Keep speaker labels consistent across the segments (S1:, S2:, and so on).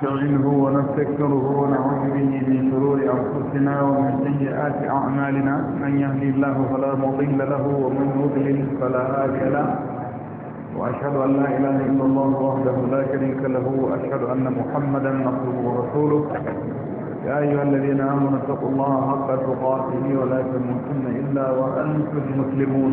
S1: نستعينه ونستكثره ونعوذ به من شرور انفسنا ومن سيئات اعمالنا من يهدي الله فلا مضل له ومن يضلل فلا هادي له واشهد ان لا اله الا الله وحده لا شريك له واشهد ان محمدا عبده ورسوله يا ايها الذين امنوا اتقوا الله حق تقاته ولا تموتن الا وانتم مسلمون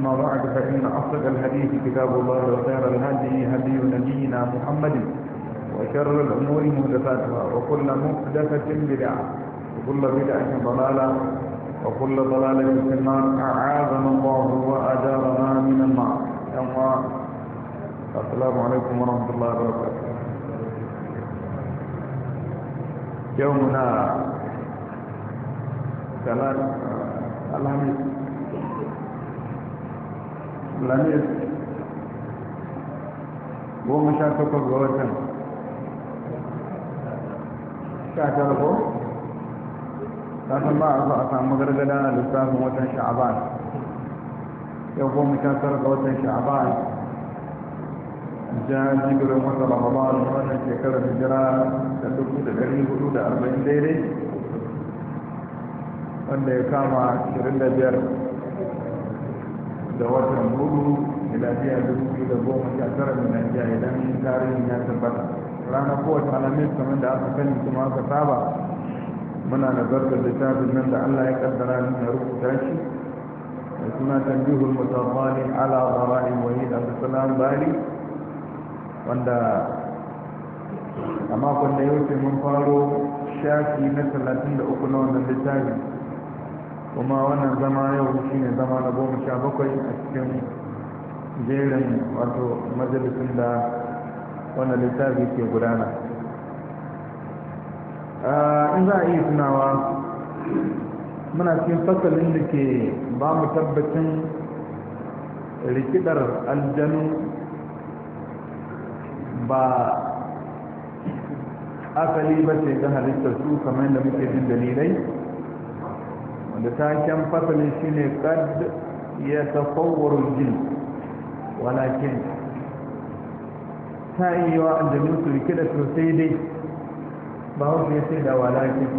S1: أما بعد فإن أصدق الحديث كتاب الله وخير الهدي هدي نبينا محمد وشر الأمور مهدفاتها وكل مهدفة بدعة وكل بدعة ضلالة وكل ضلالة في النار أعاذنا الله وأدارنا من النار السلام عليكم ورحمة الله وبركاته يومنا ثلاث آه، الحمد lamis goma sha takwas ga watan sha tara ko ta san ba a zo a samu gargada a lissafin watan sha'aban yau goma sha tara ga watan sha'aban jajibirin wata ramadan wannan shekarar hijira ta dubu da ɗari hudu da arba'in daidai wanda ya kama ashirin da biyar da watan hudu miladiya dubu biyu da goma sha tara miladiya idan tarihin ya tabbata ranar kowace alamis kamar da aka sani kuma aka saba muna nazartar littafin nan da allah ya kaddara ni ya rubuta shi da suna tambihul mutawali ala wa wahid salam bari wanda a makon da yau wuce mun faro shafi na talatin da uku na wannan littafin kuma wannan zama yau shi ne zama na goma sha bakwai a cikin jerin wato majalisun da wannan littafi ke gudana in za a iya tunawa muna cikin fasalin da ke ba mu tabbacin rikidar aljanu ba asali ba ce ga halittar su kamar yadda muke jin dalilai da taken fasali shine kad ya tasawwaru jin walakin ta yi wa aljamin su rike da sosai dai ba wasu ya sai da walakin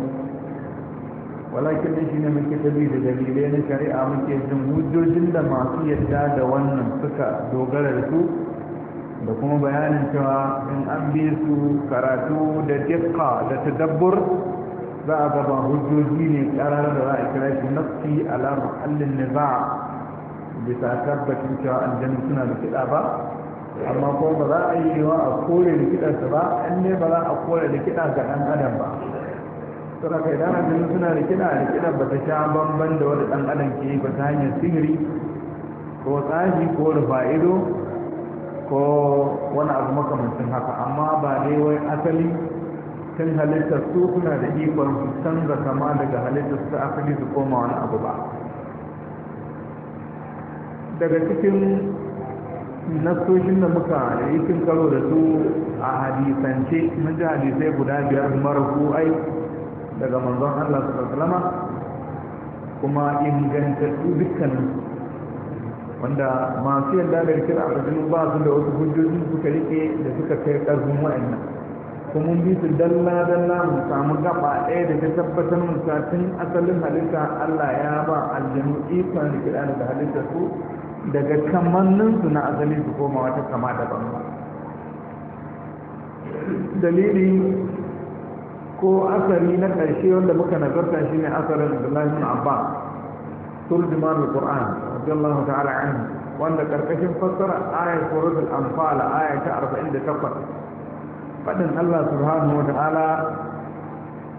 S1: walakin da shine muke tabi da dalilai na shari'a muke jin hujjojin da masu yadda da wannan suka dogara da su da kuma bayanin cewa in an bi su karatu da dikka da tadabbur za a gaba hujjoji ne karar da za a kira shi nafsi ala muhallin niza bisa tabbacin cewa aljanu suna da kiɗa ba amma ko ba za a yi cewa a kore da kiɗa ba an ne ba za a kore da kiɗa ga ɗan adam ba suna kai dan aljanu suna da kiɗa da kiɗa ba ta sha bamban da wani ɗan adam ke yi ba ta hanyar sihiri ko tsafi ko da fa'ido ko wani abu makamancin haka amma ba dai wai asali tun halittar su suna da ikon su canza kama daga halittar su asali su koma wani abu ba daga cikin nasoshin da muka yi cin karo da su a hadisance mun ji hadisai guda biyar ai daga manzon Allah Salama? kuma ingantattu dukkanin wanda masu yadda da rikir a ba su da wasu hujjoji suka rike da suka kai ƙarfin wa'annan kuma bi su dalla dalla mu samu gaba ɗaya da ta tabbatar mu tun asalin halitta Allah ya ba aljanu ikon rikida daga halitta su daga su na asali su koma wata kama daban dalili ko asali na ƙarshe wanda muka nazarta shi ne asalin abdullahi bin abba turjumar da quran radiyallahu ta'ala anhu wanda karkashin fassara ayat anfal ayat 48 بعدين الله سبحانه وتعالى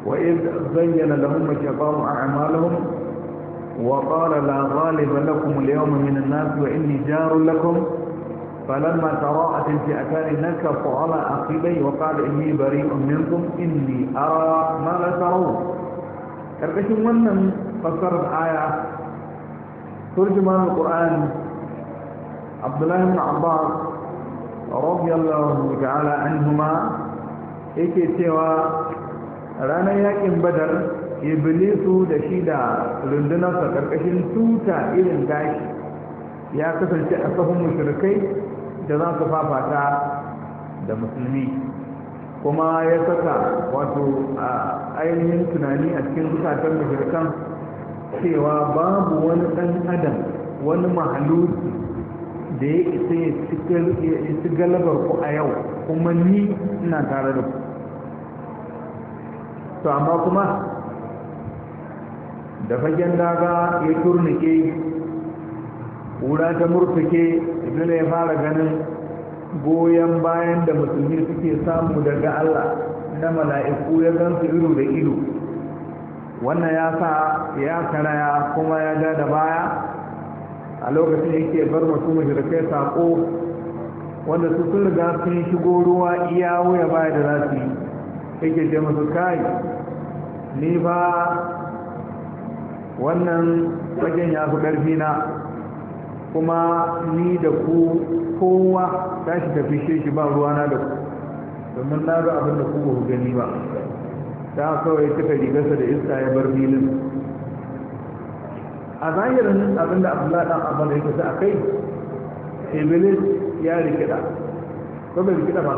S1: وإذ زين لهم الشيطان أعمالهم وقال لا غالب لكم اليوم من الناس وإني جار لكم فلما تراءت الفئتان نكص على عقبي وقال إني بريء منكم إني أرى ما لا ترون karkashin فسر الآية ترجمان القرآن عبد الله بن عباس radiyallahu ta'ala anhuma yake cewa ranar yakin badar iblisu da shi da rundunarsa karkashin tuta irin gashi ya kasance a sahun mushrikai da za su fafata da musulmi kuma ya saka wato a ainihin tunani a cikin zukatar mushrikan cewa babu wani ɗan adam wani mahaluki da ya isa ya ci galabar ku a yau kuma ni ina tare da ku to amma kuma da fagen daga ya turnike wura ta murtuke ibn ya fara ganin goyon bayan da musulmi suke samu daga Allah na mala'iku ya gansu ido da ido wannan ya sa ya karaya kuma ya da baya a lokacin yake bar masu mashirkai saƙo wanda su sun riga sun shigo ruwa iya wuya baya da za su yi yake je masu kai ni ba wannan wajen ya fi ƙarfi na kuma ni da ku kowa tashi tafi shi ba ruwa na da ku domin na ga abin da ku ba gani ba ta kawai cika rigarsa da iska ya bar filin a zahirin abinda abdullahi dan abba da yake a kai iblis ya rikida ko bai rikida ba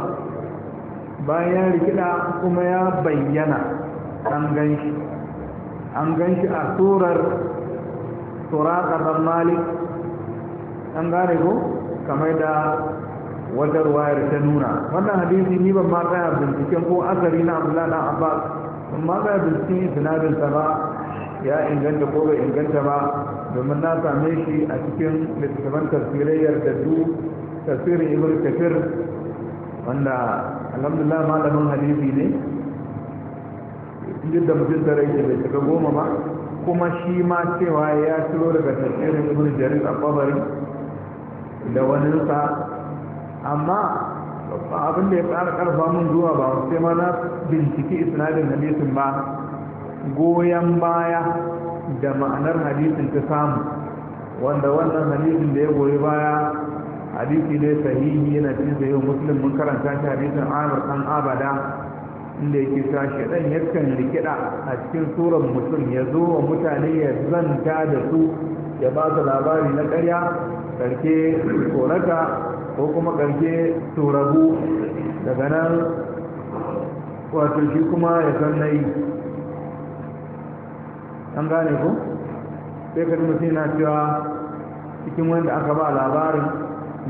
S1: bayan ya rikida kuma ya bayyana an gan shi an gan shi a turar turakar dan malik an gane ko kamar da wata ruwayar ta nuna wannan hadisi ni ban ma tsaya binciken ko asali na abdullahi dan abbas ban ma tsaya binciken isnadin ba ya inganta ko bai inganta ba domin na same shi a cikin littattafan tasirayyar da su tasirin ibn kafir wanda alhamdulillah malamin hadisi ne duk da mutum da rai bai shiga goma ba kuma shi ma cewa ya ciro daga tasirin ibn jarir a babari da waninsa amma abin da ya tsara karfa min zuwa ba sai ma na binciki isnadin hadisin ba goyon baya da ma'anar hadisin ta samu wanda wannan hadisin da ya goyi baya hadisi ne sahihi yana cikin sahihu muslim mun karanta shi hadisin amir kan abada inda yake sa shaɗan yakan rikida a cikin surar mutum ya zo wa mutane ya zanta da su ya ba su labari na ƙarya karke tsoraka ko kuma karke tsorabu daga nan wato shi kuma ya san na yi an gane ku sai ka mutum yana cewa cikin wanda aka ba labarin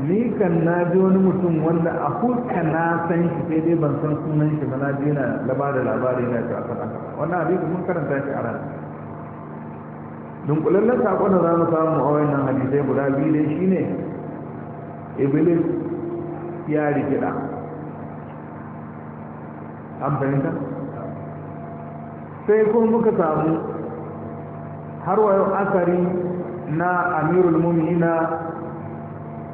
S1: ni kan na ji wani mutum wanda a hulka na san shi sai dai ban san sunan shi ba na ji yana laba da labari yana cewa kan aka wannan abin mun karanta shi a ran dunkulallen sakon da za mu samu a wannan hadisai guda biyu dai shine iblis ya rikida an fahimta sai kuma muka samu har yau asari na amirul mu'minina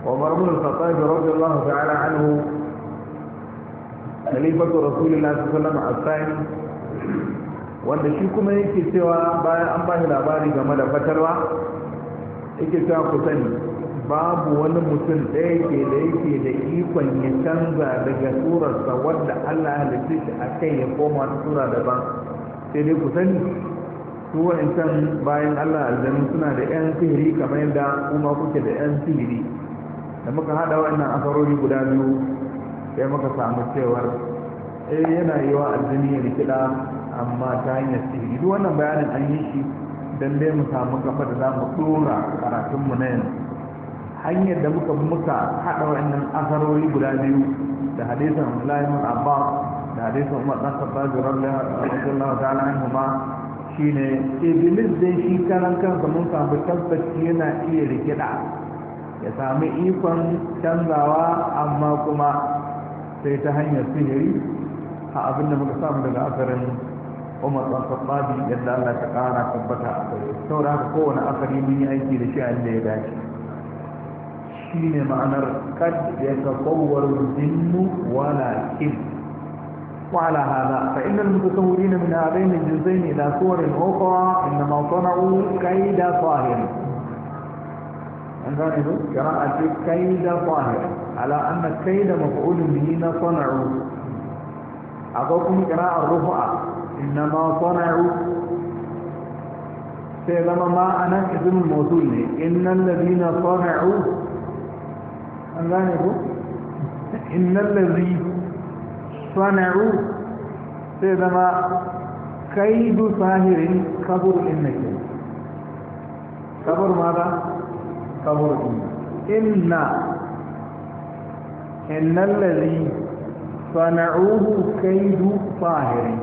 S1: umar ibn al-khattab radiyallahu ta'ala anhu khalifatu Rasulillah, sallallahu alaihi wasallam wanda shi kuma yake cewa bayan an bashi labari game da fatarwa yake cewa ku sani babu wani mutum ɗaya ke da yake da ikon ya canza daga surarsa wadda Allah ya halitta shi a kai ya koma sura daban sai dai ku sani su wa'ancan bayan allah aljanu suna da 'yan sihiri kamar yadda kuma kuke da 'yan sihiri da muka haɗa wannan asarori guda biyu sai muka samu cewar eh yana yi wa aljini ya rikida amma ta hanyar sihiri duk wannan bayanin an yi shi don dai mu samu kafa da za mu karatun karatunmu na yanzu hanyar da muka muka haɗa wa'annan asarori guda biyu da hadisan Abdullahi ibn Abbas da hadisan Umar ibn Khattab radiyallahu ta'ala anhu ma shine iblis dai shi karan kansa mun samu tabbaci yana iya rikida ya sami ikon canzawa amma kuma sai ta hanyar sihiri a abin da muka samu daga asarin umar ɗan sabbabi yadda allah ta ƙara tabbata a kare saboda haka kowane asari mun yi aiki da shi a inda ya dace shine ma'anar kad ya tasawwar jinnu wala kin وعلى هذا فإن المتصورين من هذين الجزئين إلى صور أخرى إنما صنعوا كيد طاهر عندنا قراءة كيد طاهر على أن الكيد مفعول به صنعوا أعطوكم قراءة الرفعة إنما صنعوا سيدما ما أنا اسم الموصول إن الذين صنعوا عندنا إن الذي sana'u sai zama kaidu sahirin kabur inna ke kabur mada kabur inna inna inna lalli sana'uhu kaidu sahirin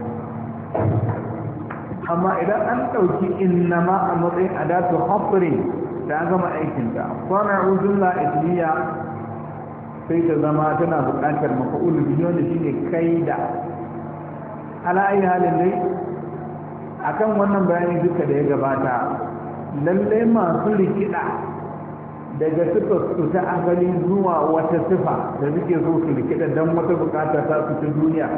S1: amma idan an ɗauki inna ma a matsayin adatu hafirin da an gama aikinta sana'u jumla idliya sai ta zama tana buƙatar mafa'ul bihi wanda shine kaida ala ayi halin dai akan wannan bayani duka da ya gabata Lallai masu rikida daga suka su ta asali zuwa wata sifa da suke so su rikida don wata buƙatar ta su ta duniya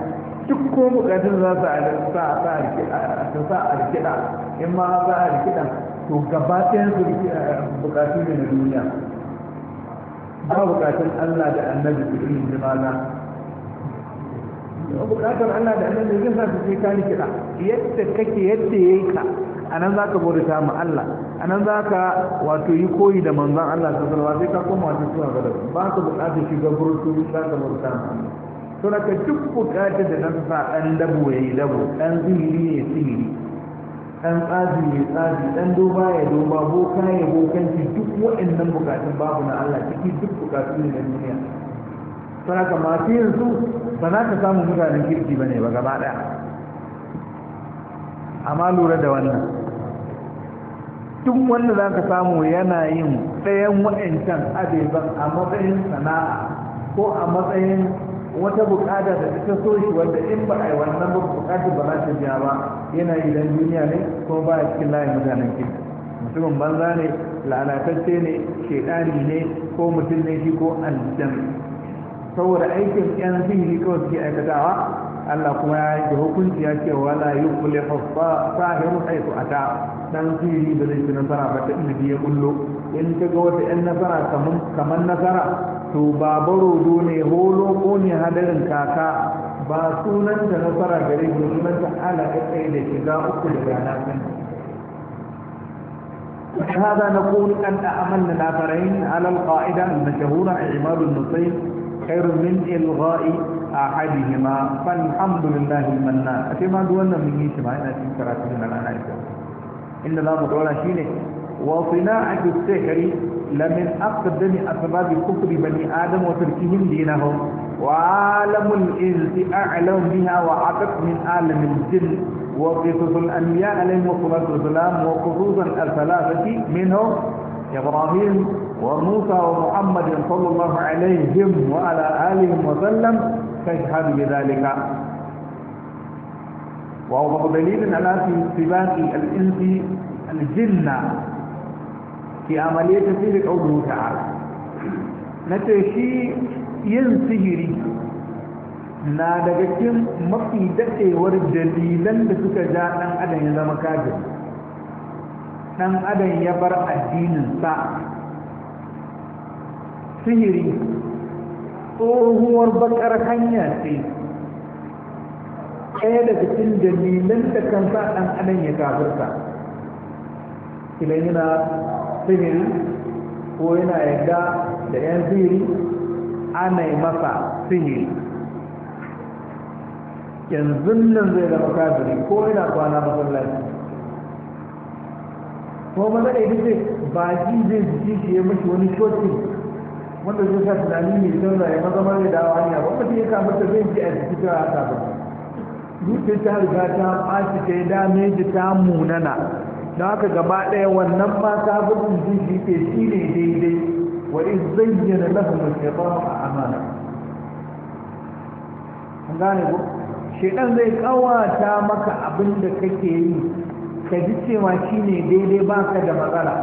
S1: duk ko bukatun za su sa a rikida in ma za a rikida to gaba su bukatu ne na duniya ba bukatun Allah da annabi su yi jimala bukatun Allah da annabi zai sa su ce ka ni kiɗa yadda kake yadda ya yi ka a nan za ka bauta ma Allah a nan za ka wato yi koyi da manzan Allah ta sarwa sai ka koma wata suwa ga da ba ka bukatar shiga burutu za ka bauta ma Allah to na ka duk bukatar da nan sa ɗan dabo ya yi dabo ɗan zihiri ya sihiri ɗan tsazi mai tsazi ɗan doba ya doba boka ya bokanci duk waɗannan bukatun babu na Allah ciki duk bukatu ne na duniya ka masu yin su ba ka samu mutanen kirki ba ne ba gaba ɗaya amma lura da wannan duk wanda za ka samu yana yin tsayan waɗancan abeban a matsayin sana'a ko a matsayin wata bukata da ta so shi wanda in ba a yi wannan ba bukatar ba za ta biya ba yana idan duniya ne ko ba a cikin layin mutanen kirki mutumin banza ne lalatacce ne shaidani ne ko mutum ne shi ko aljan saboda aikin yan sihiri kawai suke aikatawa Allah kuma ya yi hukunci ya ce wala yuqlihu sahiru haythu ata dan sihiri da zai fi nasara ba ta inda ya kullo in ka ga wata 'yan nasara kamar nasara to ba barodo ne holo ko ne hadarin kaka ba sunanta nasara gare ne sunanta ala kai da shiga uku da rana sun هذا نقول أن أمل الآخرين على القاعدة المشهورة عماد النصيب خير من إلغاء أحدهما فالحمد لله المنان أتما دولنا من يشمعنا في كراتبنا الآن إن الله مطولة شيني وصناعة السحر لمن أقدم أسباب كفر بني آدم وتركهم دينهم وعالم الإنس أعلم بها وعطت من عالم الجن وقصص الأنبياء عليهم الصلاة والسلام وخصوصا الثلاثة منهم إبراهيم وموسى ومحمد صلى الله عليهم وعلى آلهم وسلم تشهد بذلك وأوضح دليل على في سباق الإنس الجن fi amaliya ta sirri ƙaunar na ce shi yin sihiri na daga cikin mafi daɗewar dalilan da suka ja ɗan adam ya zama kafin ɗan adam ya bar addinin sa sihiri tsohuwar bakar hanya ce ɗaya daga cikin dalilan da kan sa ɗan adam ya kafirta idan yana sihiri ko yana yadda da 'yan sihiri ana yi masa sihiri yanzu nan zai da kafiri ko yana kwana masallaci ko maza da ita ba ji zai ji shi ya mashi wani shoti wanda zai sa tunani mai canza ya maza mara da hanya ba mutum ya kama ta zai ji a jiki ta rata ba zuciya ta riga ta ɓaci ta yi dame ta munana da haka gaba ɗaya wannan ma kafircin zai shi ke shi ne daidai wa in zayyana lahu min shaytan a amana an gane ku shekar zai kawata maka abin da kake yi ka ji cewa shi ne daidai ba ka da matsala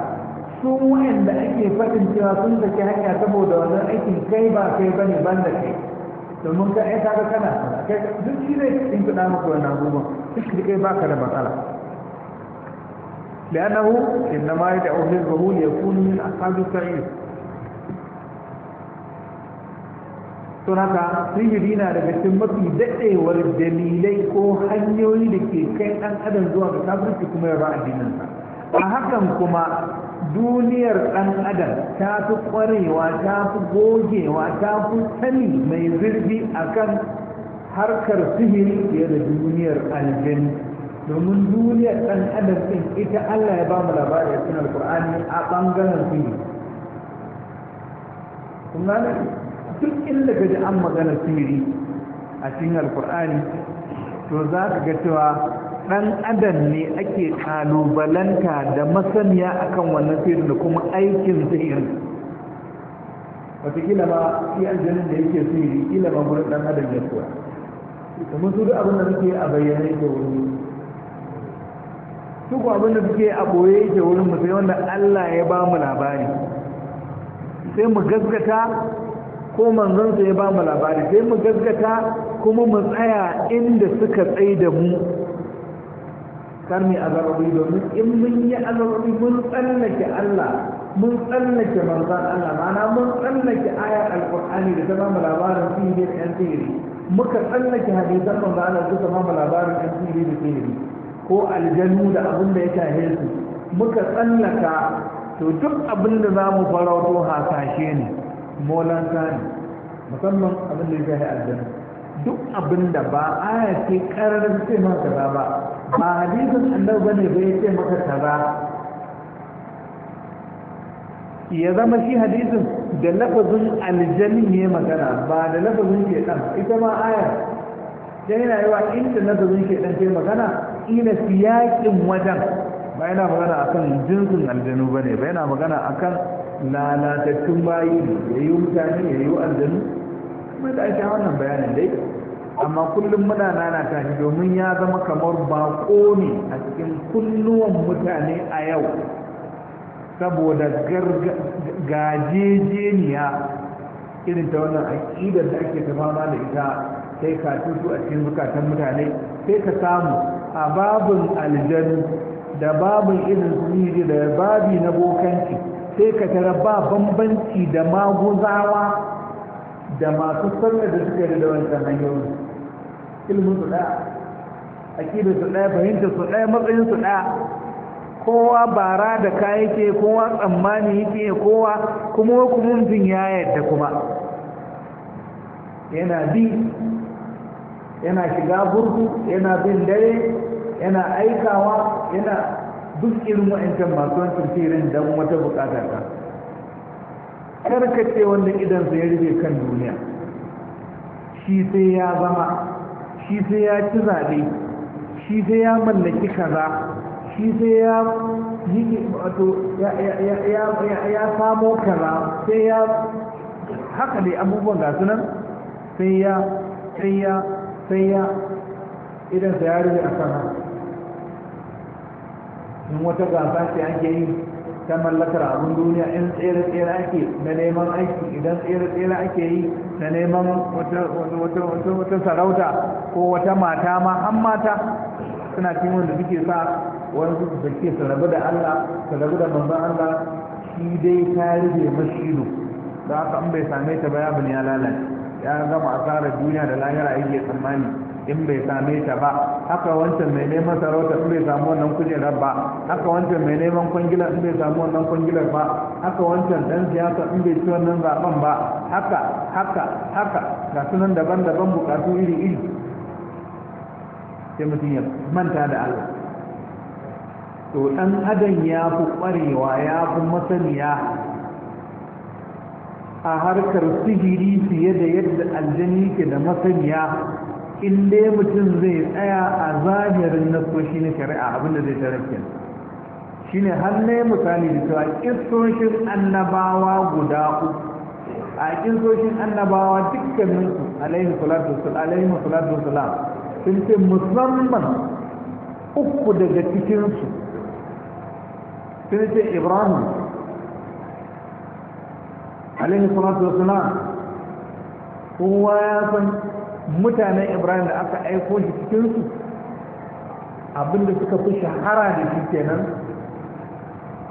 S1: su da ake faɗin cewa sun ke hanya saboda wannan aikin kai ba kai ne ban da kai domin ka ta ga kana kai duk shi zai cikin kuɗa maka wannan abubuwan duk kai ba ka da matsala لأنه إنما يدعو حزبه ليكون من أصحاب السعير sunaka sihiri na da cikin mafi daɗewar dalilai ko hanyoyi da ke kai ɗan adam zuwa ga kafirci kuma yarda addininsa a hakan kuma duniyar ɗan adam ta fi ƙwarewa ta fi gogewa ta fi sani mai zurfi akan harkar sihiri fiye da duniyar aljanu domin duniya ɗan adam ɗin ita Allah ya ba mu labari a cikin alkur'ani a ɓangaren su ne kuma duk inda ka ji an magana sihiri a cikin alkur'ani to za ka ga cewa ɗan adam ne ake ƙalubalanta da masaniya akan wannan sihirin da kuma aikin sihirin wataƙila ba shi aljanin da yake sihiri ƙila ba gurin ɗan adam ya kuwa Kuma su duk abin da suke a bayyane ke wuri duk abin da suke a boye yake wurin mu sai wanda Allah ya ba mu labari sai mu gaskata ko manzon sai ya ba mu labari sai mu gaskata kuma mu tsaya inda suka tsaye da mu kar a azarbi domin in mun yi azarbi mun tsallake Allah mun tsallake manzan Allah mana mun tsallake ayar alkur'ani da ta ba mu labarin sihiri da yan sihiri muka tsallake hadisan manzan Allah da ta ba mu labarin yan sihiri da sihiri ko aljanu da abin da ya tahe su muka tsallaka to duk abin da za mu farauto hasashe ne molan ne musamman abin da ya tahe aljanu duk abin da ba aya ce kararar ce maka ba ba ba hadisin annabi bane ya ce maka kaza ya zama shi hadisin da lafazin aljanin ne magana ba da lafazin ɗan, ita ma aya dan yana yawa inda lafazin ɗan ce magana kila siyakin wajen ba yana magana akan jinsin aljanu ba ne ba yana magana akan lalatattun bayi ya yi mutane ya yi aljanu kuma da ake wannan bayanin dai amma kullum muna nana shi domin ya zama kamar bako ne a cikin kunnuwan mutane a yau saboda gajejeniya irin ta wannan aƙidar da ake tafama da ita sai su a cikin zukatan mutane sai ka samu a babin aljanu da babin irin sihiri da babi na bokanci sai ka tara ba bambanci da maguzawa da masu sallar da suka da wancan hanyoyi ilmin su ɗaya aƙidar su ɗaya fahimtar su ɗaya matsayin su ɗaya kowa bara da ka yake kowa tsammani yake kowa kuma hukumin ya yadda kuma yana bi yana shiga burgu yana bin dare yana aikawa yana duk irin wa'ancan masu wancan firin don wata bukatar ka karkace wanda idan ya rufe kan duniya shi sai ya zama shi sai ya ci zaɓe shi sai ya mallaki kaza shi sai ya yi wato ya samo kaza sai ya haka dai abubuwan gasu nan sai sai ya sai ya idan sa ya rufe a kan in wata gasa ce ake yi ta mallakar abin duniya in tsere-tsere ake na neman aiki idan tsere-tsere ake yi na neman wata sarauta ko wata mata ma an mata suna cin wanda suke sa wani da ke su rabu da Allah su rabu da manzan Allah shi dai ta rufe mashilu da haka an bai same ta ba ya ya lalace ya gama asarar duniya da lahira yake tsammani in bai same ta ba haka wancan mai neman sarauta in bai samu wannan kujerar ba haka wancan mai neman kwangila in bai samu wannan kwangilar ba haka wancan dan siyasa in bai ci wannan zaben ba haka haka haka ga sunan daban-daban bukatu iri-iri sai mutum ya manta da Allah to dan adam ya fi kwarewa ya fi masaniya a harkar sihiri fiye da yadda aljani ke da masaniya in dai mutum zai tsaya a zahirin nasoshi na shari'a abinda zai tarakken shi ne ya misali da cewa kistoshin annabawa guda uku a kistoshin annabawa dukkaninsu alaihi salatu alaihi salatu wasalam sun ce musamman uku daga cikinsu sun ce ibrahim alaihi salatu wassalam kowa ya san mutanen ibrahim da aka aiko shi cikin su abinda suka fi shahara da shi kenan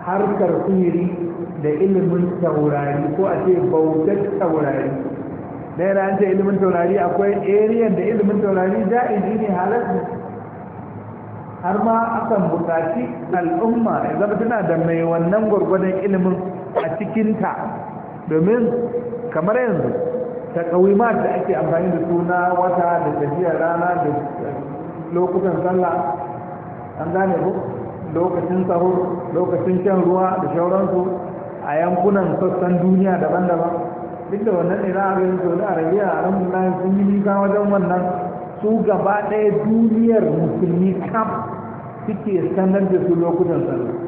S1: harkar sihiri da ilimin taurari ko a ce bautar taurari da yana an ce ilimin taurari akwai eriyan da ilimin taurari ja'iji ne halarci har ma akan buƙaci al'umma ya zama tana da mai wannan gwargwadon ilimin a cikinta domin kamar yanzu takawimat da ake amfani da suna wata da tafiya rana da lokutan sallah an gane ku lokacin tsaro lokacin shan ruwa da shauransu a yankunan sassan duniya daban-daban duk da wannan ne za a gani arabiya a nan sun yi nisa wajen wannan su gaba ɗaya duniyar musulmi kam suke sanar da su lokutan sallah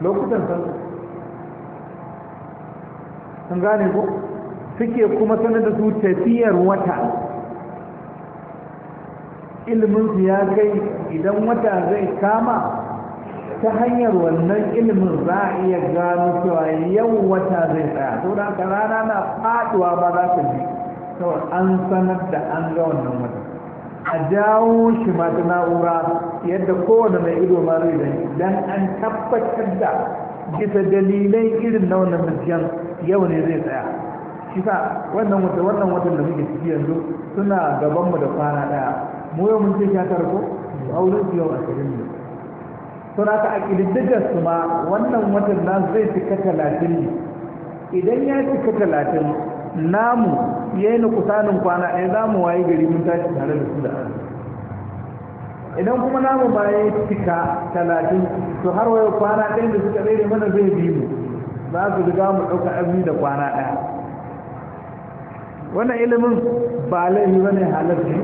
S1: lokutan sallah an gane ko suke kuma sanar da su tafiyar wata su ya kai idan wata zai kama ta hanyar wannan ilimin za a iya gano cewa yau wata zai tsaya to da ka rana na faduwa ba za ta ji sau an sanar da an ga wannan wata a jawo shi ma ta na'ura yadda kowane mai ido ma zai dan an tabbatar da bisa dalilai irin na wannan gaskiyar yau ne zai tsaya shi sa wannan wata wannan watan da muke ciki yanzu suna gaban mu da kwana daya mu yau mun ce ya tara ko auren su yau ashirin ne to na ka akili ƙididdigar su ma wannan watan na zai cika talatin ne idan ya cika talatin namu ya yi na kusanin kwana ɗaya za mu waye gari mun tashi tare da su da arziki idan kuma namu ba ya cika talatin to har wayo kwana ɗaya da suka ɗaya mana zai bi mu za su riga mu ɗauka azumi da kwana ɗaya wannan ilimin ba laifi ba ne halarci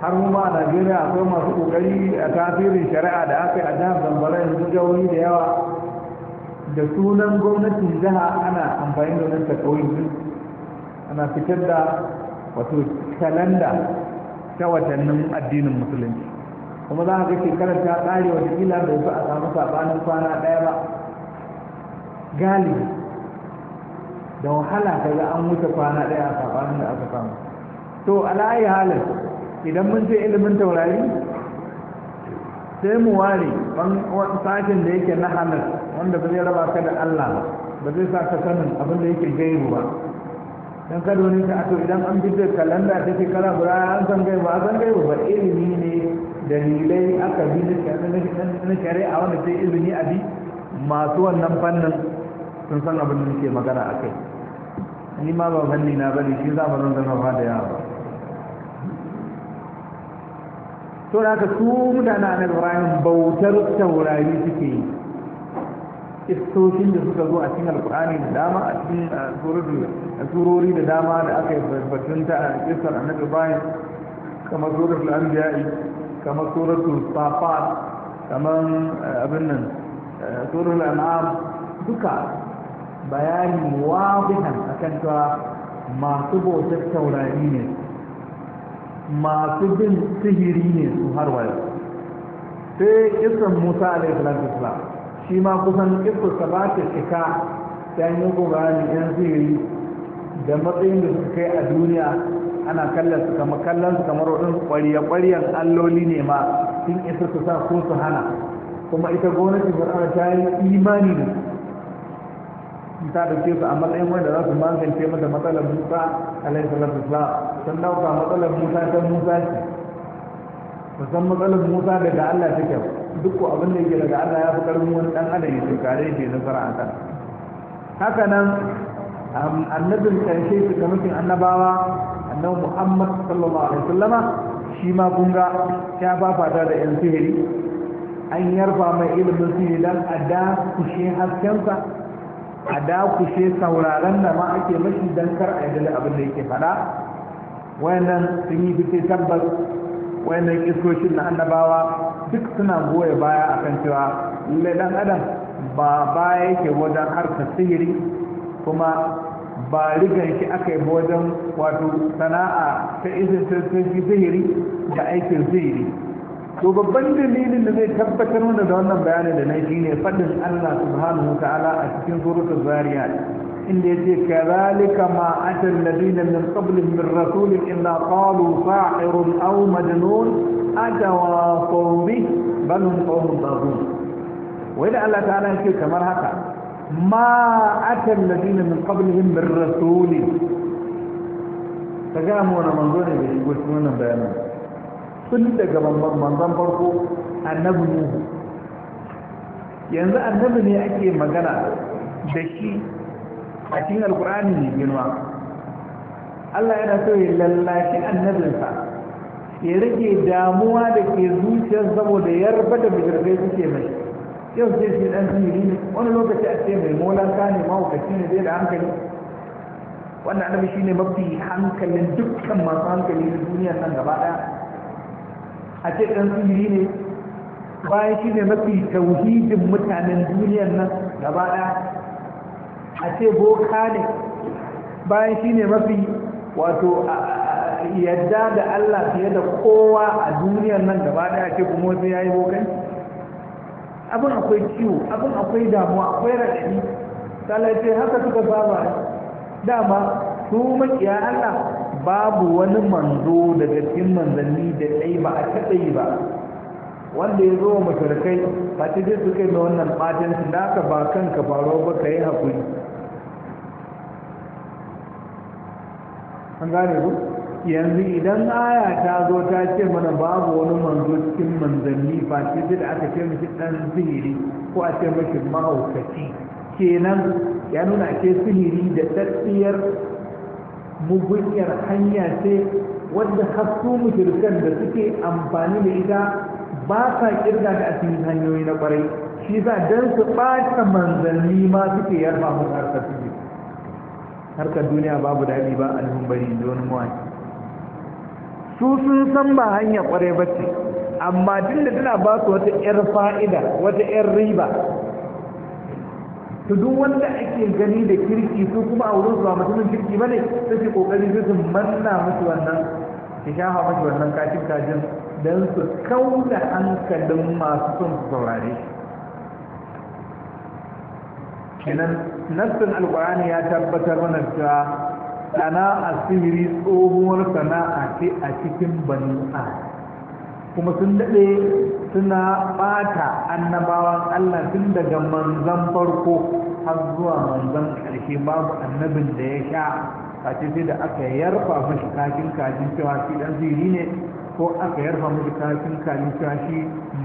S1: har mu ma a najeriya akwai masu ƙoƙari a tasirin shari'a da aka yi a jihar zamfara yanzu jihohi da yawa da sunan gwamnatin jiha ana amfani da wani takawin ana fitar da wato kalanda ta watannin addinin musulunci kuma za a ga shekarar ta tsare kila bai fi a samu sabanin kwana ɗaya ba galibi da wahala ka ga an wuce kwana ɗaya a sabanin da aka samu to ala'ayi halin idan mun je ilimin taurari sai mu ware sashen da yake na halar wanda ba zai raba ka da allah ba zai sa ka sanin abin da yake gairu ba dan kada wani ta ato idan an bi da kalanda ta kala bura an san kai ba san kai ba ilimi ne dalilai aka bi na a wanda ta ilimi a bi masu wannan fannin sun san abin da nake magana a kai ni ma ba fanni na bane shi za mu zama ba da yawa ba to da haka su mutanen Ibrahim bautar taurari suke yi istoshin da suka zo a cikin alkur'ani da dama a cikin surori da dama da aka yi batun ta a kisar annabi bayan kamar an anbiya'i kamar suratul safat kamar abin nan suratul an'am duka bayani wabihan akan ta masu bautar taurari ne masu bin sihiri ne su har wayo sai isan musa alaihi salatu shi ma kusan ta ba ta cika ta yi bayanin yan sihiri da matsayin da suka kai a duniya ana kallon su kamar kallon su kamar ƙwariya alloli ne ma sun isa su sa ko su hana kuma ita gwamnati fir'auna ta yi imani ne ta dauke su a matsayin wanda za su magance mata matsalar musa alaihi salatu wasalam sun dauka matsalar musa ta musa ce san matsalar musa daga allah take duk abin da yake daga allah ya fi karfin wani dan adam ya shekare shi nasara a kan haka nan annabin ƙarshe su kamitin annabawa annabi muhammad sallallahu alaihi wasallama shi ma kunga ya fafata da yan sihiri an yarfa mai ilimin sihiri dan a dakushe haskensa a dakushe sauraron da ma ake mashi dan kar a yadda abin da yake faɗa wayannan sun yi fice tabbas wayannan iskoshin na annabawa duk suna goya baya a kan cewa lallai dan adam ba baya yake wajen harka sihiri kuma ba rigan shi aka yi wajen wato sana'a ta izin sarki sihiri da aikin sihiri to babban dalilin da zai tabbatar mana da wannan bayanin da na shi ne faɗin allah subhanahu wa ta'ala a cikin suratul zariyat إن يجي كذلك ما أتى الذين من قبل من رسول إلا قالوا ساحر أو مجنون أتواصل به بل هم قوم وإذا الله تعالى يقول كما رأت ما أتى الذين من قبلهم من رسول تقاموا أنا منظوني بيقول سنونا بيانا كنت كما منظم فرقوا النبنوه ينزل يعني النبني أكي مقنع بشي a cikin alkur'ani ne girma Allah yana so ya lallashi annabinsa ya rage damuwa da ke zuciyar saboda ya yarba da bijirgai suke mai yau sai shi dan sihiri ne wani lokaci a ce mai molaka ne mahaukaci ne zai da hankali wanda annabi shine mafi hankalin dukkan masu hankali na duniya nan gaba daya a ce dan sihiri ne bayan shine mafi tauhidin mutanen duniya nan gaba daya a ce boka ne bayan shi ne mafi wato yadda da Allah fiye da kowa a duniyar nan gaba daya ce kuma wasu ya yi bokan abin akwai ciwo abin akwai damuwa akwai raɗaɗi talace haka suka saba dama su makiya Allah babu wani manzo daga cikin manzanni da ɗai ba a taɓa yi ba wanda ya zo mutarkai a cikin su kai da wannan da aka ba kan faro ba ka yi haƙuri an gane ku yanzu idan aya ta zo ta ce mana babu wani manzo cikin manzanni ba da aka ce mashi dan sihiri ko a ce mashi mahaukaci kenan ya nuna ce sihiri da tafiyar mugunyar hanya ce wadda hasko mushrikan da suke amfani da ita ba sa kirga da a hanyoyi na kwarai shi za don su ɓata manzanni ma suke yarfa mun harkar suke harkar duniya babu daɗi ba a bari da wani mawaki su sun san ba hanya kwarai ba ce amma duk da tana ba su wata 'yar fa'ida wata 'yar riba to duk wanda ake gani da kirki su kuma a wurin ba mutumin kirki ba ne sai su kokari su manna musu wannan su shafa musu wannan kashin kajin don su kauda hankalin masu son su saurare kenan nassin alkurani ya tabbatar mana cewa sana'a sihiri tsohuwar sana'a ce a cikin banu kuma sun daɗe suna ɓata annabawan allah tun daga manzan farko har zuwa manzan ƙarshe babu annabin da ya sha a sai da aka yarfa mashi kakin kajin cewa shi dan sihiri ne ko aka yarfa musu kafin kalin shi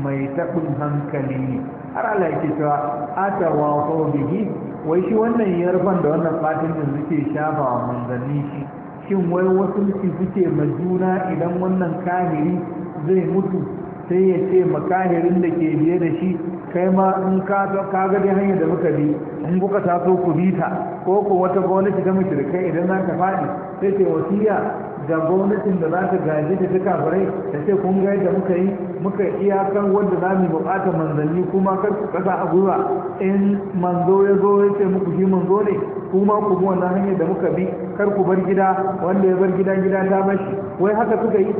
S1: mai taɓin hankali ne har ala yake cewa ata wa bihi wai shi wannan yarfan da wannan fatin da suke shafa wa manzanni shi shin wai wasu suke ma juna idan wannan kahiri zai mutu sai ya ce makahirin da ke biye da shi kai ma in ka ga dai hanyar da muka bi in kuka taso ku bi ta ko ko wata gwamnati ta mutu da kai idan za ka faɗi sai ce wasiya da gwamnatin da za ta gaji da duka farai da ce kun gai da muka yi muka kan wanda za mu bukata manzanni kuma kar ku kasa a gwiwa in manzo ya zo ya ce muku shi manzo ne kuma ku bi wannan hanyar da muka bi kar ku bar gida wanda ya bar gida gida ta mashi wai haka kuka yi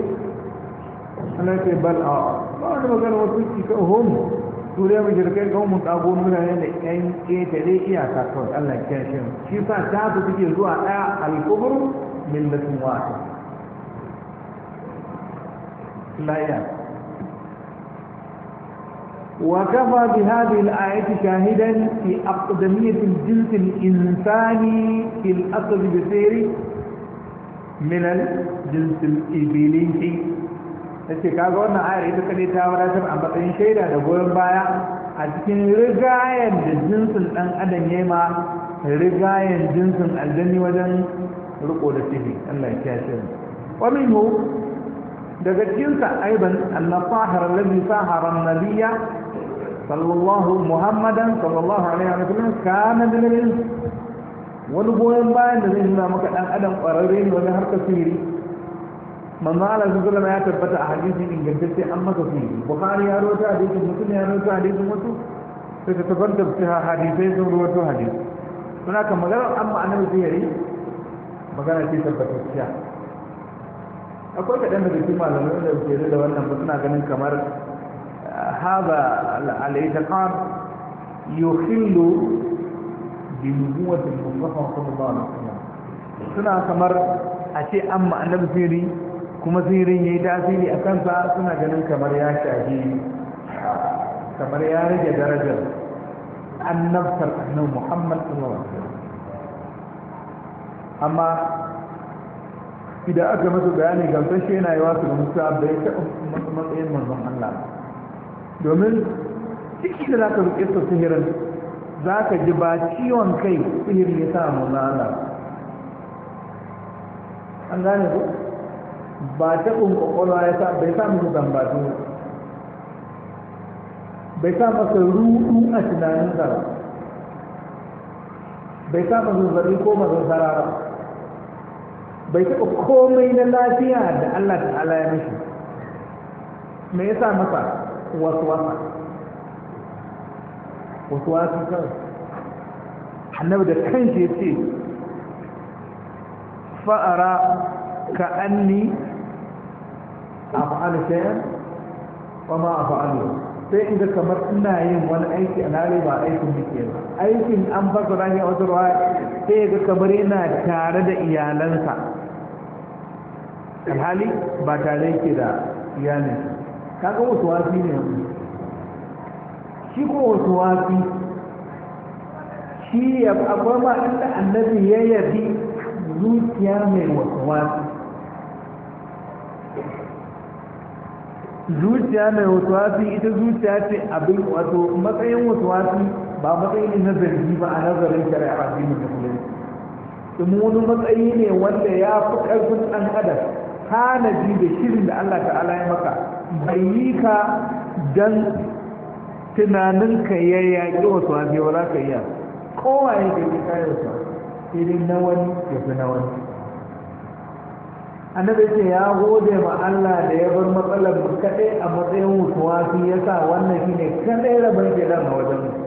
S1: ana ce bal a ba wani magana wasu cikin homu. su da jirgin kan mun tsago mutane da yan ƙetare iyaka kawai Allah ya kyashe shi sa ta su suke zuwa ɗaya alkubur ملة واحدة الآيات وكفى بهذه الآية شاهدا في أقدمية الجنس الإنساني في الأصل بسير من الجنس الإبليسي فكذا قلنا آية إذا كان يتعامل أسر عن شيء هذا هو المبايع أتكين رجايا الجنس الأن أدن يما الجنس الأدن وجن riko da sihiri Allah ya kiyashe mu wa minhu daga cikin sa aiban annasahar alladhi sahara an-nabiyya sallallahu muhammadan sallallahu alaihi wa sallam kana min al wani goyon bayan da zai nuna maka dan adam kwararre ne wajen harkar sihiri manzo Allah sallallahu ya tabbata a hadisi ingantacce an maka sihiri bukhari ya rawaita hadisin muslim ya rawaita hadisin wasu sai ta tabbatar da hadisai sun rawaito hadisi Suna haka maganar amma annabi sihiri magana ce tabbatacciya akwai kaɗan daga cikin malamai da ke da wannan ba suna ganin kamar ah, haza al'aitaqar yukhillu bi nubuwatil mustafa sallallahu alaihi wasallam suna kamar a ce an ma'anar ziri kuma zirin yayi tasiri a kansa suna ganin kamar ya shafi ah, kamar ya rage darajar annabtar annabi Muhammad sallallahu alaihi amma idan aka masu bayani gamsashe yana yi wasu da musa bai taɓa matsayin manzon Allah domin ciki da za ka riƙe su sihirin za ka ji ba ciwon kai sihirin ya sa manzon Allah an gane ku ba taɓin ƙwaƙwalwa ya sa bai sa musu zambatu bai sa masa rudu a tunanin ba bai sa masa zari ko masa sarara bai taɓa komai na lafiya da Allah ala ya mishi me yasa masa wasu wasa wasu wasu kawai annabi da kanshi ya ce fa'ara ka anni a fa'ala shayar wa ma a fa'alu sai inda kamar ina yin wani aiki a nare ba aikin da ke ba aikin an su rani a wata ruwa sai ga kamar yana tare da iyalansa alhali ba tare yake da iyalin ga wasu wafi ne shi kuma wasu wafi? shi ya akwai ma inda annabi ya yabi zuciya mai wasu wafi. zuciya mai wasu wafi ita zuciya ce abin wato matsayin wasu wafi ba matsayin na zargi ba a nazarin shari'a da musulunci domin wani matsayi ne wanda ya fi ƙarfin ɗan adam tanadi da shirin da Allah ta'ala ya maka bai yi ka dan tunaninka ya yaƙi wasu wafi ba za ka yi kowa ya gaji kayansa irin na wani ya fi na wani annabi ce ya gode ma Allah da ya bar matsalar mu kaɗai a matsayin wasu wafi ya sa wannan shi ne kaɗai rabon ke a wajen mu.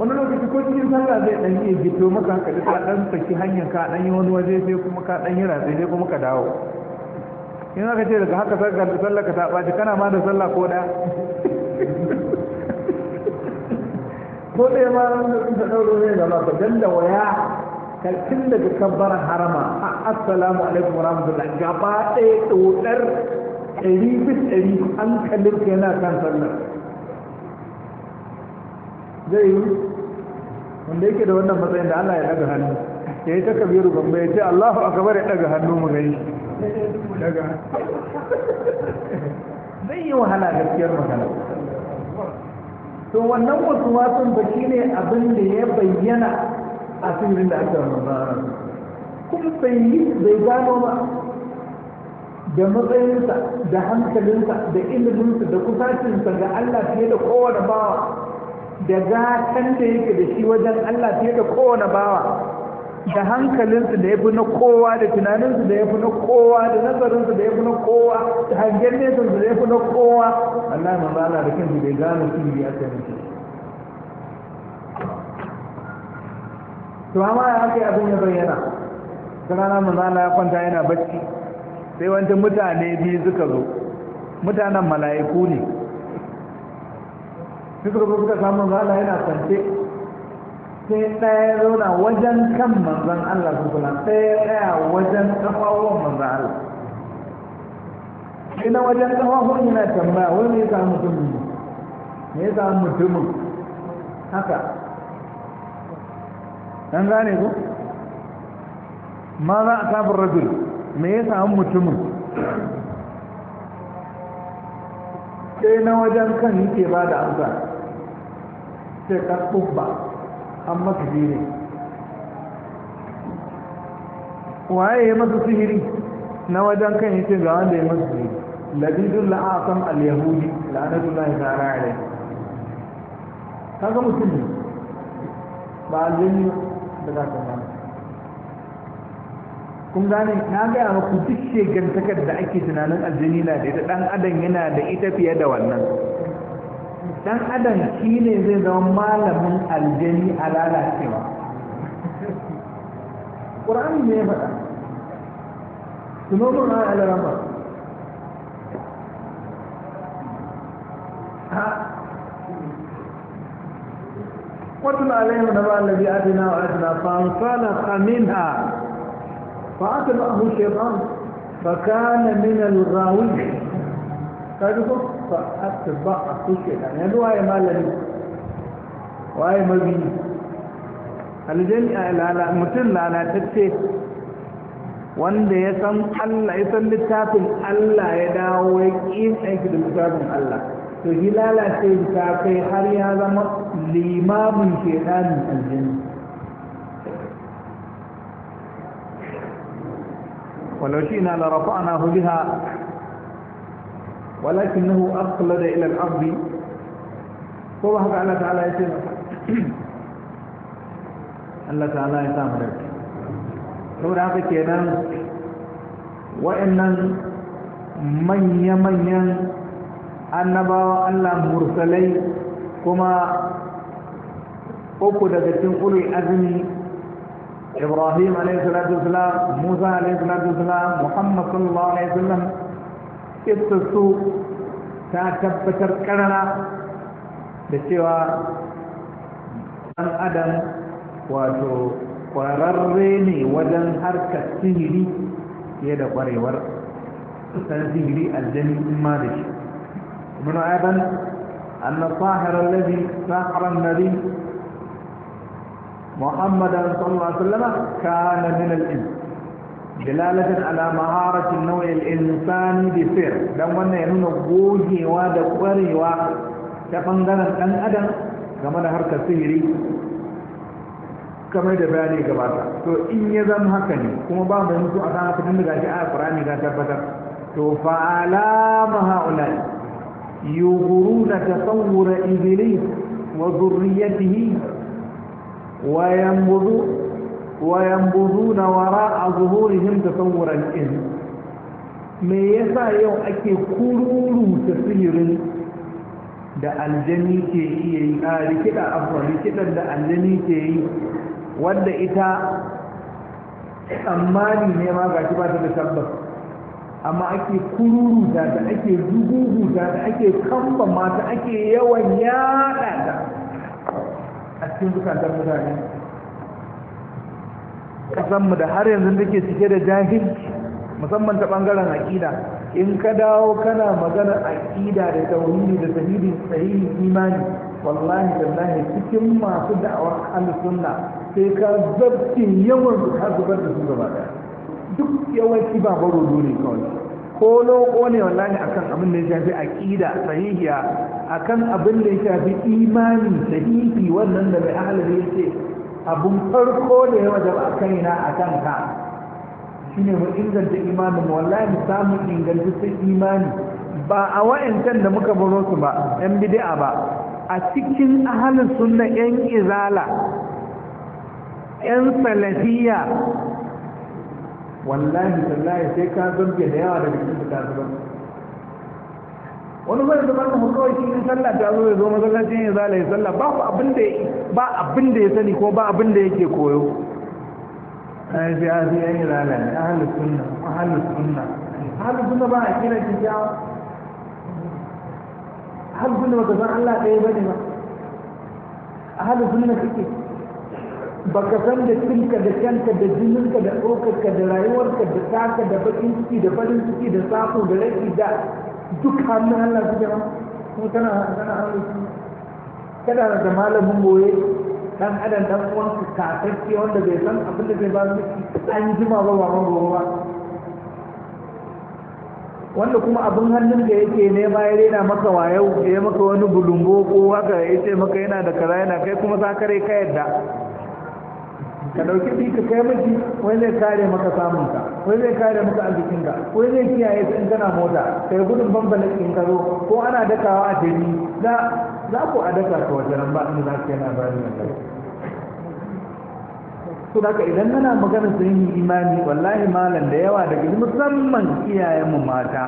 S1: wani lokaci ko cikin sallah zai dan yi gito maka ka ka dan saki hanyar ka dan yi wani waje sai kuma ka dan yi ratsi sai kuma ka dawo in aka ce daga haka sarkar da sallah ka taɓa ji kana ma da sallah ko da? ko ɗaya ma da ɗauro ne da maka dan da waya kalkin daga kabbar harama assalamu alaikum wa rahmatullah gaba ɗaya ɗodar ɗari bis ɗari hankalin kai na kan sallar zai yi wanda yake da wannan matsayin da Allah ya daga hannu ya yi ta kabiru gamba ya ce Allahu akabar ya daga hannu mu gani daga zai yi wahala gaskiyar magana to wannan wasu wasan ba shi ne abin da ya bayyana a sirrin da aka rana kuma bai yi bai gano ba da matsayinsa da hankalinsa da iliminsa da kusacinsa ga Allah fiye da kowane bawa da gatan da yake da shi wajen Allah fiye da kowane bawa da hankalinsu da ya fi na kowa da tunaninsu da ya fi na kowa da nazarinsu da ya fi na kowa da hangen nesa da ya fi na kowa Allah ya maza da kansu bai gano su yi a kan shi to amma ya kai abin ya bayyana ta rana maza ya kwanta yana bacci sai wancan mutane biyu suka zo mutanen mala'iku ne suka zo suka samu manzon Allah yana kwance sai ɗaya zauna wajen kan manzan Allah su kula ɗaya ɗaya wajen ƙafafuwan manzan Allah ina wajen ƙafafuwan yana tambaya wani ya samu mutumin ne ya samu mutumin haka an gane ku ma za a tafi rajul me ya samu mutumin sai na wajen kan yake ba da amsa sai ka kubba an maka jere waye ya masa sihiri na wajen kan yace ga wanda ya masa sihiri labidun la'asam al-yahudi la'anatullahi ta'ala alaihi kaga mutum ne ba aljani da za ka ba. kun gane na gaya ku duk shegantakar da ake tunanin aljani na da ita dan adam yana da ita fiye da wannan dan adam shi ne zai zama malamin aljani a lalacewa ƙur'ani ne ya faɗa tuno mun a alarama واتل عليهم نبأ الذي آتينا وآتنا فانسلخ منها فأتبعه الشيطان فكان من الغاوين تعرفوا haska ba a soke da yanzu waye malami waye mabiyi aljani a lala mutum lalatacce wanda ya san Allah ya san littafin Allah ya dawo ya ƙin aiki da littafin Allah to shi lalace ta kai har ya zama limamin shedanin aljani ولو شئنا لرفعناه بها ولكنه أقلد إلى الأرض فالله تعالى تعالى يتبع الله تعالى يتبع ثم رأيك يا وإن من يمن النبا أن لا مرسلي كما أقود ذاتين قولي أزمي إبراهيم عليه الصلاة والسلام موسى عليه الصلاة والسلام محمد صلى الله عليه وسلم su ta tabbatar karara da cewa ɗan adam wato ƙwararre ne wajen harkar sihiri fiye da ƙwarewar san sihiri a in ma da shi muna aiban anna sahirar lazi sahirar nari muhammadan sallallahu masu wasallam kana min dalalatan ala maharatin nau'il insani bi sir dan wannan ya nuna gogewa da kwarewa ta bangaren dan adam game da harkar sihiri kamar da bayani gabata to in ya zama haka ne kuma ba mu mutu akan haka tun daga shi a Qur'ani ga tabbatar to fa alama maha'ulai yughuruna tasawwura iblis wa dhurriyyatihi wa وينبذون وراء ظهورهم تصورا إن me yasa yau ake kururu kururuta sihirin da aljani ke yi a rikida afuwa rikidan da aljani ke yi wadda ita tsammani ne ma gashi ba ta da tabbas amma ake kururuta ta ake zuguguta ta ake kamba mata ake yawan yada ta a cikin zukatan mutane mu da har yanzu take cike da jahilci musamman ta bangaren Aqida. in ka dawo kana maganar Aqida da tauhidi da sahihin sahihi imani wallahi billahi cikin masu da'awar al-sunna sai ka zabti yawan ka zubar da su gaba ɗaya duk yawanci ba baro dole kawai ko loko ne wallahi akan abin da ya shafi aqida sahihiya akan abin da ya shafi imani sahihi wannan da mai ahalari yace abun farko da ya waje a kaina a kan ka shi ne mu inganta imanin wallahi mu samu ingantaccen imani ba a wa'ancan da muka baro su ba yan bid'a ba a cikin ahalin sunna yan izala yan salafiya wallahi tallahi sai ka zambe da yawa da cikin su wani bai zama na kawai shi ne sallah ta zo ya zo masallaci ya zala ya sallah ba abin da ba abin da ya sani ko ba abin da yake koyo ai sai an sai yi zala ne a sunna suna. sunna halin sunna ba a kira ki ya ahli sunna ba san Allah ba ne ba A ahli sunna kike ka san da cinka da kanka da jininka da ɗaukarka da rayuwarka da taka da bakin ciki da farin ciki da sako da rashi da duk hannun Allah su jama kuma tana tana hannun su da malamin boye dan adam dan uwan su kafaffe wanda bai san abin da zai ba su an jima ba ba man ba wanda kuma abin hannun da yake ne ba ya rena maka wayau ya maka wani bulungo ko haka ya ce maka yana da kaza yana kai kuma za ka rai ka yadda ka ɗauki shi ka kai miki wai zai kare maka samun ka wai zai kare maka arzikin ka wai zai kiyaye ka in kana mota kai gudun bambalin in ka zo ko ana dakawa a jini za za ku a daka ka wajen ba in za ka yana bayan nan to daga idan kana magana sun yi imani wallahi malam da yawa daga musamman iyayenmu mata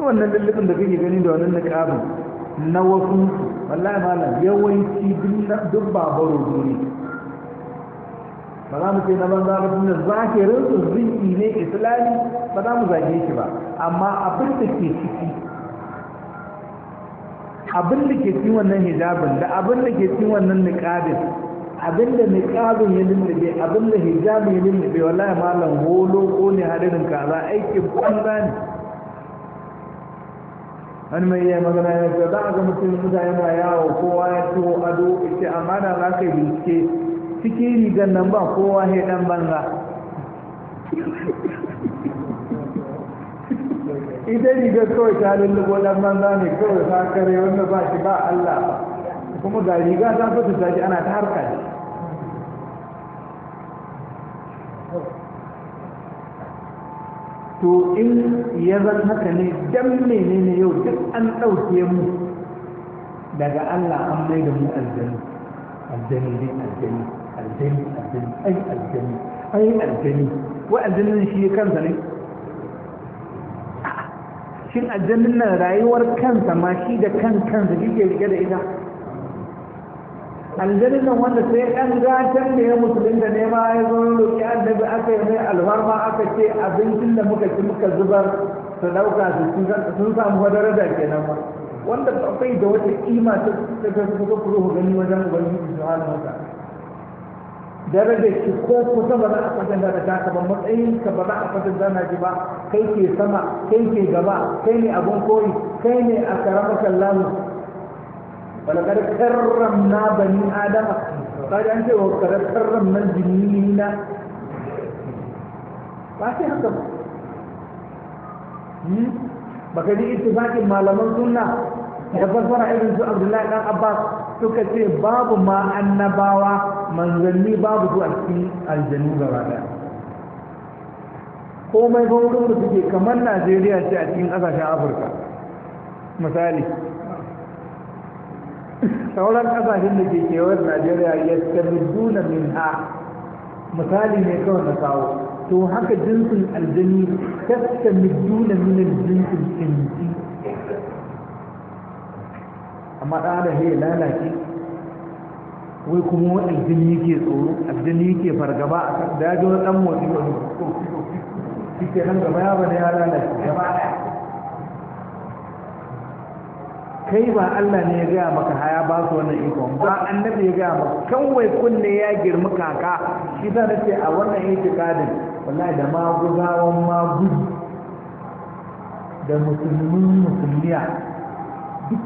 S1: wannan lullubin da kake gani da wannan niqabin na wasu wallahi malam yawanci duk ba baro ba za mu ce na banza ba tunda zahirin su zinki ne islami ba za mu zage shi ba amma abin da ke ciki abin da ke cikin wannan hijabin da abin da ke cikin wannan niqabin abin da niqabin ya lullube abin da hijabin ya lullube wallahi malam holo ko ne hadirin kaza aikin banza ne wani mai iya magana ya ce za a ga mutum mutane yana yawo kowa ya ciwo ado ita amma da za ka bincike cikin rigar nan ba kowa sai dan banza ita rigar kawai ta lullubo dan banza ne kawai ta kare wanda ba shi ba Allah kuma ga riga ta fito ta ana ta harka ne to in ya zan haka ne dan menene yau duk an ɗauke mu daga Allah an mai da mu aljanu aljanu ne aljanu aljani aljani ai aljani ai aljani aljanin shi kansa ne shin aljanin nan rayuwar kansa ma shi da kan kansa shi ke rike da ita aljanin nan wanda sai ɗan gatan da ya musulun da nema ya zo roƙi annabi aka yi mai alfarma aka ce abincin da muka ci muka zubar su ɗauka su sun samu wadara da kenan ba wanda bai da wata kima ta ta ta ta gani wajen ubangiji subhanahu wa ta'ala darajar shi ko kusa ba za a kwatanta da taka ba matsayin ka ba za a kwatanta na ji ba kai ke sama kai ke gaba kai ne abun koyi kai ne a karama kallahu walakar karram na bani adama kaji an ce wa karar karram nan jinnina na ba sai haka ba hmm? Ba ka ji ittifaqin malaman sunna da fassara irin su abdullahi dan abbas suka ce babu ma annabawa manzanni babu su a cikin aljanu gaba daya komai ba wurin da suke kamar najeriya ce a cikin ƙasashen afirka misali sauran ƙasashen da ke kewar najeriya ya duna min ha misali ne kawai na kawo to haka jinsin aljani duna min jinsin inji amma ɗan adam ya lalace wai kuma wani aljini yake tsoro aljini yake fargaba a kan da ya ji wani ɗan motsi ko shi ke nan gaba ya bane ya lalace gaba kai ba Allah ne ya gaya maka haya ba su wannan ikon ba annabi ya gaya maka kawai kunne ya girma kaka shi ta ce a wannan itikadin wallahi da maguzawan maguzi da musulmin musulmiya duk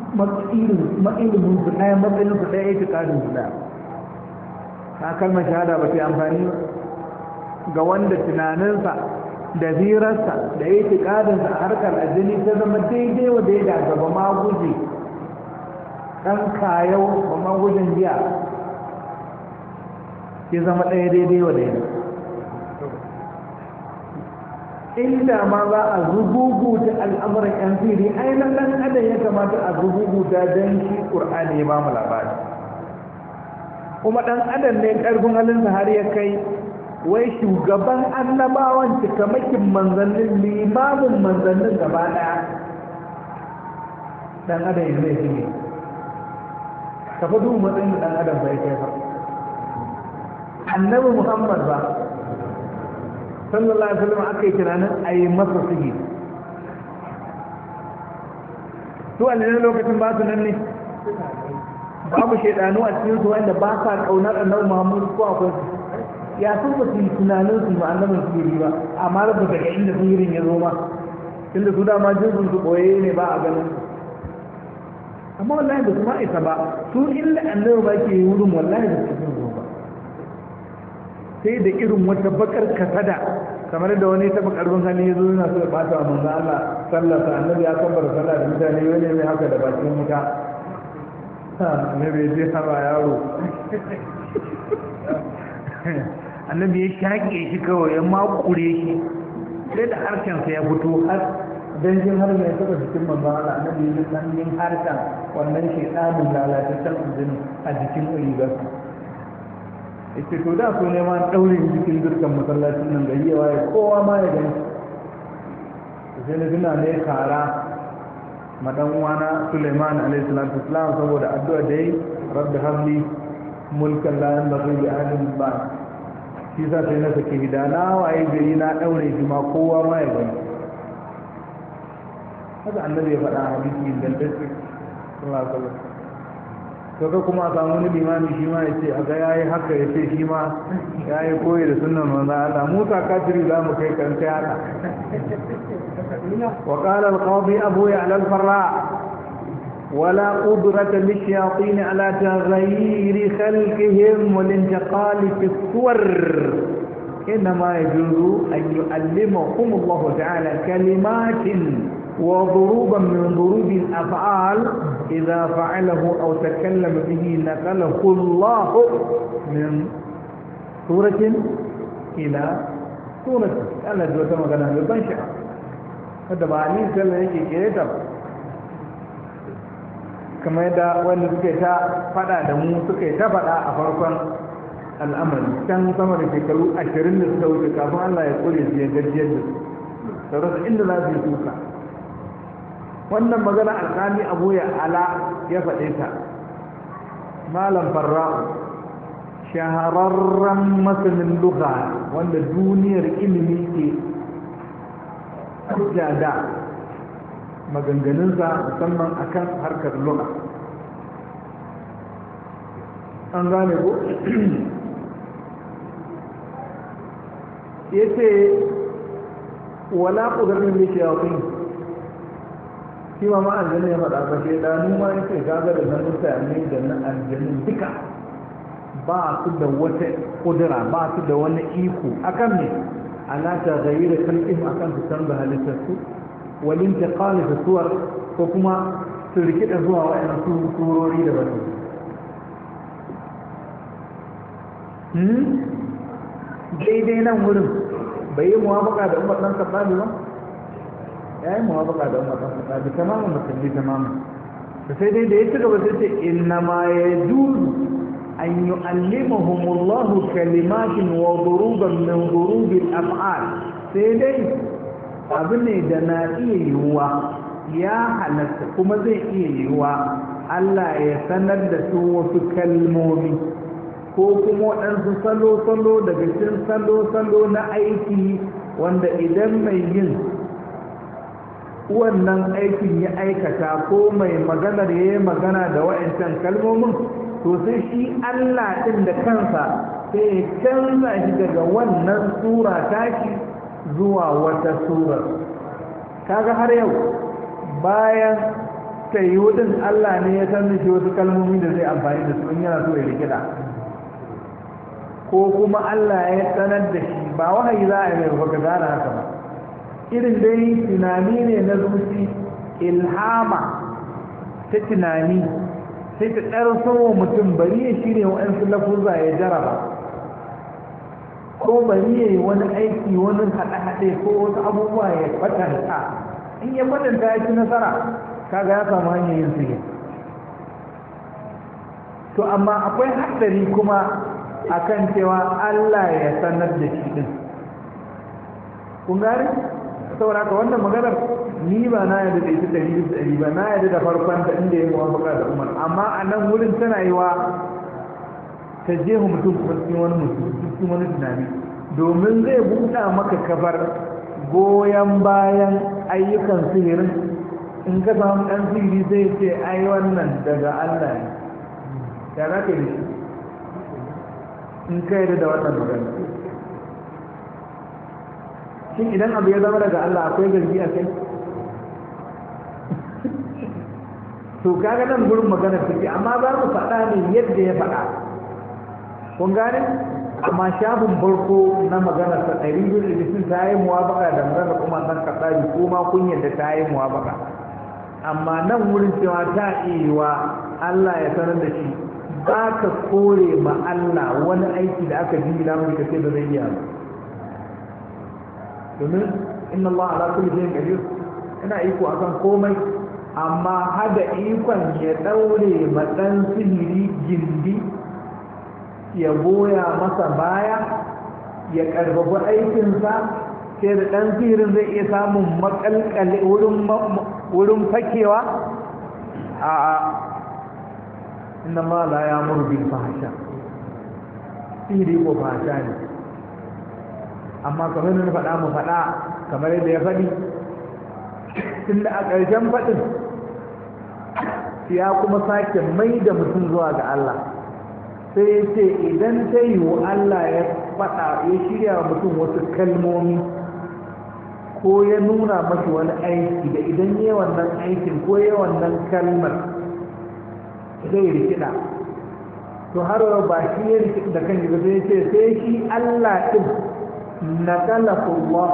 S1: matsilimin su ɗaya matsalin su ɗaya yake ƙarin su ɗaya ta kalmar shahada ba ta amfani ga wanda tunaninsa da zirarsa da ya yake ƙarinsa a harkar ajini ta zama daidai wa daidai ga ba ma guje ɗan kayau ba ma jiya ya zama ɗaya daidai wa daidai inda ma za a da al'amuran yan fili ainihin ɗan adam ya kamata a da dan shi ƙur'ani ya ba mu labari kuma ɗan adam ne ƙarfin halin har ya kai wai shugaban annabawan cikamakin manzannin limamin manzannin gaba ɗaya ɗan adam ya zai ne ka fi duhu matsayin da ɗan adam bai kai ba annabi muhammad ba sallallahu alaihi wasallam aka yi tunanin a yi masa sihiri su alilan lokacin ba su nan ne babu shaidanu a cikin su wanda ba sa kaunar annabi muhammadu ko akwai su ya sun ba su yi tunanin su ma annabin sihiri ba amma rabu daga inda sun sihirin ya zo ma tunda su dama jirgin su koye ne ba a ganin su amma wallahi ba su ma isa ba su inda annabi ba ke wurin wallahi da su zo sai da irin wata bakar kasada kamar da wani taɓa ƙarfin hali ya zo yana so ya ɓata wa manzo Allah sallar sa annabi ya kabbara sallah da mutane yau ne mai haka da bakin wuta annabi ya je hawa yaro annabi ya shaƙe shi kawai ya makure shi sai da harshensa ya fito har dangin har mai taɓa jikin manzo Allah annabi ya san dangin harshen wannan shaidanin lalataccen izini a jikin rigarsa ita to da su neman ɗaurin jikin dukkan masallacin nan gari ya waye kowa ma ya gani sai na tuna ne kara ma dan uwana Suleiman alaihi salatu saboda addu'a da yi rabbi hamli mulkan la yanbaghi li ahadin ba shi sa sai na saki hidana waye gari na daure shi ma kowa ma ya gani haka annabi ya faɗa hadisi ingantacce sun alaihi ba. kaga kuma a samu wani limami shi ma yace a ga yayi haka yace shi ma yayi koyi da sunnan manzo Allah Musa ta kafiri za mu kai kan kai haka wa qala al-qadi abu ya'la al-farra ولا قدرة للشياطين على تغيير خلقهم والانتقال في الصور إنما يجوز أن يعلمهم الله تعالى كلمات وضروبا من ضروب الأفعال إذا فعله أو تكلم به نقله الله من سورة إلى سورة ألا جوة مغنى بالبنشع هذا بعلين سلا يكي كريتا كما يدى وأن سكيتا فدا دمو سكيتا فدا أفرقا الأمر كان سمر في كلو أشرين لسكوتك أفعال لا يقول يزيان جرجيان sauransu inda za su wannan magana alkali abu ya ala ya faɗe ta malam farra'u shahararren masanin lugha wanda duniyar ilimi ke tada da maganganunsa musamman akan harkar lugha an gane ko ya ce wala ƙudurin da ke yawon shi ma aljanna ya faɗa ba shaidanu ma ya ce gaga da na mutane da na aljannu duka ba su da wata kudura ba su da wani iko akan ne ana ta gayi da kalƙin akan su canza halittarsu walin ta da suwar ko kuma su rikida zuwa wa'yan su surori da dai hmm? daidai nan wurin bai yi muwafaka da umar ɗan kaɗa ba ya yi muwafaka da umar ɗan kaɗa da tamamin musulmi tamamin da sai dai da ya ci gaba sai ce inna ma ya juzu an yu'allimahumullahu kalimatin wa duruban min durubil af'al sai dai abu ne da na iya yiwuwa ya halatta kuma zai iya yiwuwa Allah ya sanar da su wasu kalmomi ko kuma waɗansu salo-salo daga cikin salo-salo na aiki wanda idan mai yin wannan aikin ya aikata ko mai maganar ya yi magana da wa'ancan kalmomin to sai shi Allah ɗin da kansa sai ya canza shi daga wannan sura tashi zuwa wata sura kaga har yau bayan tayyudin Allah ne ya canza shi wasu kalmomi da zai amfani da su in yana so ya rikida ko kuma Allah ya sanar da shi ba wahayi za a yi mai baka gara haka ba irin dai tunani ne na zuci ilhama ta tunani sai ta ɗarsowa mutum bari ya shirya wa'ansu lafuza ya jaraba ko bari ya yi wani aiki wani haɗe-haɗe ko wasu abubuwa ya kwatanta in ya kwatanta ya ci nasara kaga ya samu hanyar yin sihir to amma akwai haɗari kuma akan cewa allah ya sanar da shi ɗin kun gari? saboda haka wannan maganar ni ba na yadda da ita ɗari da ɗari ba na yadda da farkon ta inda ya muwafaka da umar amma a nan wurin tana yi wa ta je mutum kuma cikin wani mutum cikin wani tunani domin zai buɗa maka kabar goyon bayan ayyukan sihirin in ka samu ɗan sihiri zai ce ai wannan daga Allah ne ya za ka yi in ka yi da wannan magana shin idan abu ya zama daga Allah akwai gargi a kai to kaga nan gurin magana take amma za mu faɗa ne yadda ya faɗa kun gane amma shafin barko na magana ta ɗari biyu da sun ta yi muwabaka da magana kuma san kasari ko ma kun yadda ta yi muwabaka amma nan wurin cewa ta iya Allah ya sanar da shi ba ka kore ma Allah wani aiki da aka ji namun da sai da zai iya ba domin inna Allah ala kulli shay'in qadir ina iko akan komai amma hada ikon ya daure madan sihiri gindi ya boya masa baya ya aikin aikinsa sai da ɗan sihirin zai iya samun makalkale wurin fakewa a inna ma la ya murbi fahasha sihiri ko fahasha ne amma kamar yadda na faɗa mu faɗa kamar yadda ya faɗi tunda a ƙarshen faɗin ya kuma sake mai da mutum zuwa ga Allah sai ya ce idan ta yiwu Allah ya faɗa ya shirya wa mutum wasu kalmomi ko ya nuna masa wani aiki da idan ya wannan aikin ko ya wannan kalmar zai rikida to har ba shi ya rikida da kan gaba sai ce sai shi Allah ɗin naqalahu Allah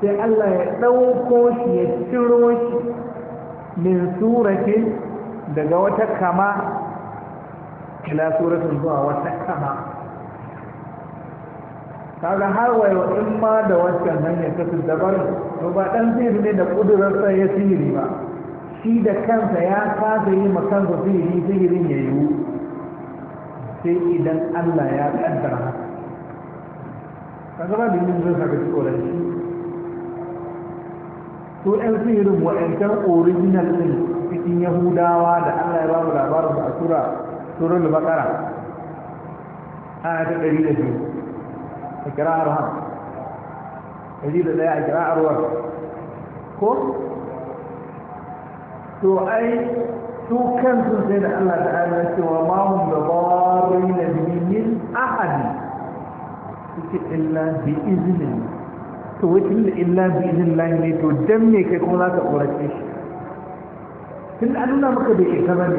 S1: sai Allah ya ɗauko shi ya ciro shi min suratin daga wata kama ila suratin zuwa wata kama kaga har wayo in ma da wata hanyar ta dabar to ba dan zai ne da kudurarsa ya sihiri ba shi da kansa ya kasa yi ma kansa sihiri sihirin ya yiwu sai idan Allah ya kaddara haka ka zama da yin zai saka ci ƙoran shi su ɗan sihirin wa'yantar original ɗin cikin yahudawa da allah ya ba mu labarin a tura turar da bakara ana ta ɗari da biyu a kira'ar ham ɗari da ɗaya a kira'ar war ko to ai su kansu sai da allah ta ainihin cewa mahun da bawa rai na biyu min ahadi suke illa bi izinin to wajen da illa bi izinin lai ne to dan ne kai kuma za ka ƙorace shi tun da nuna maka da ke kama ne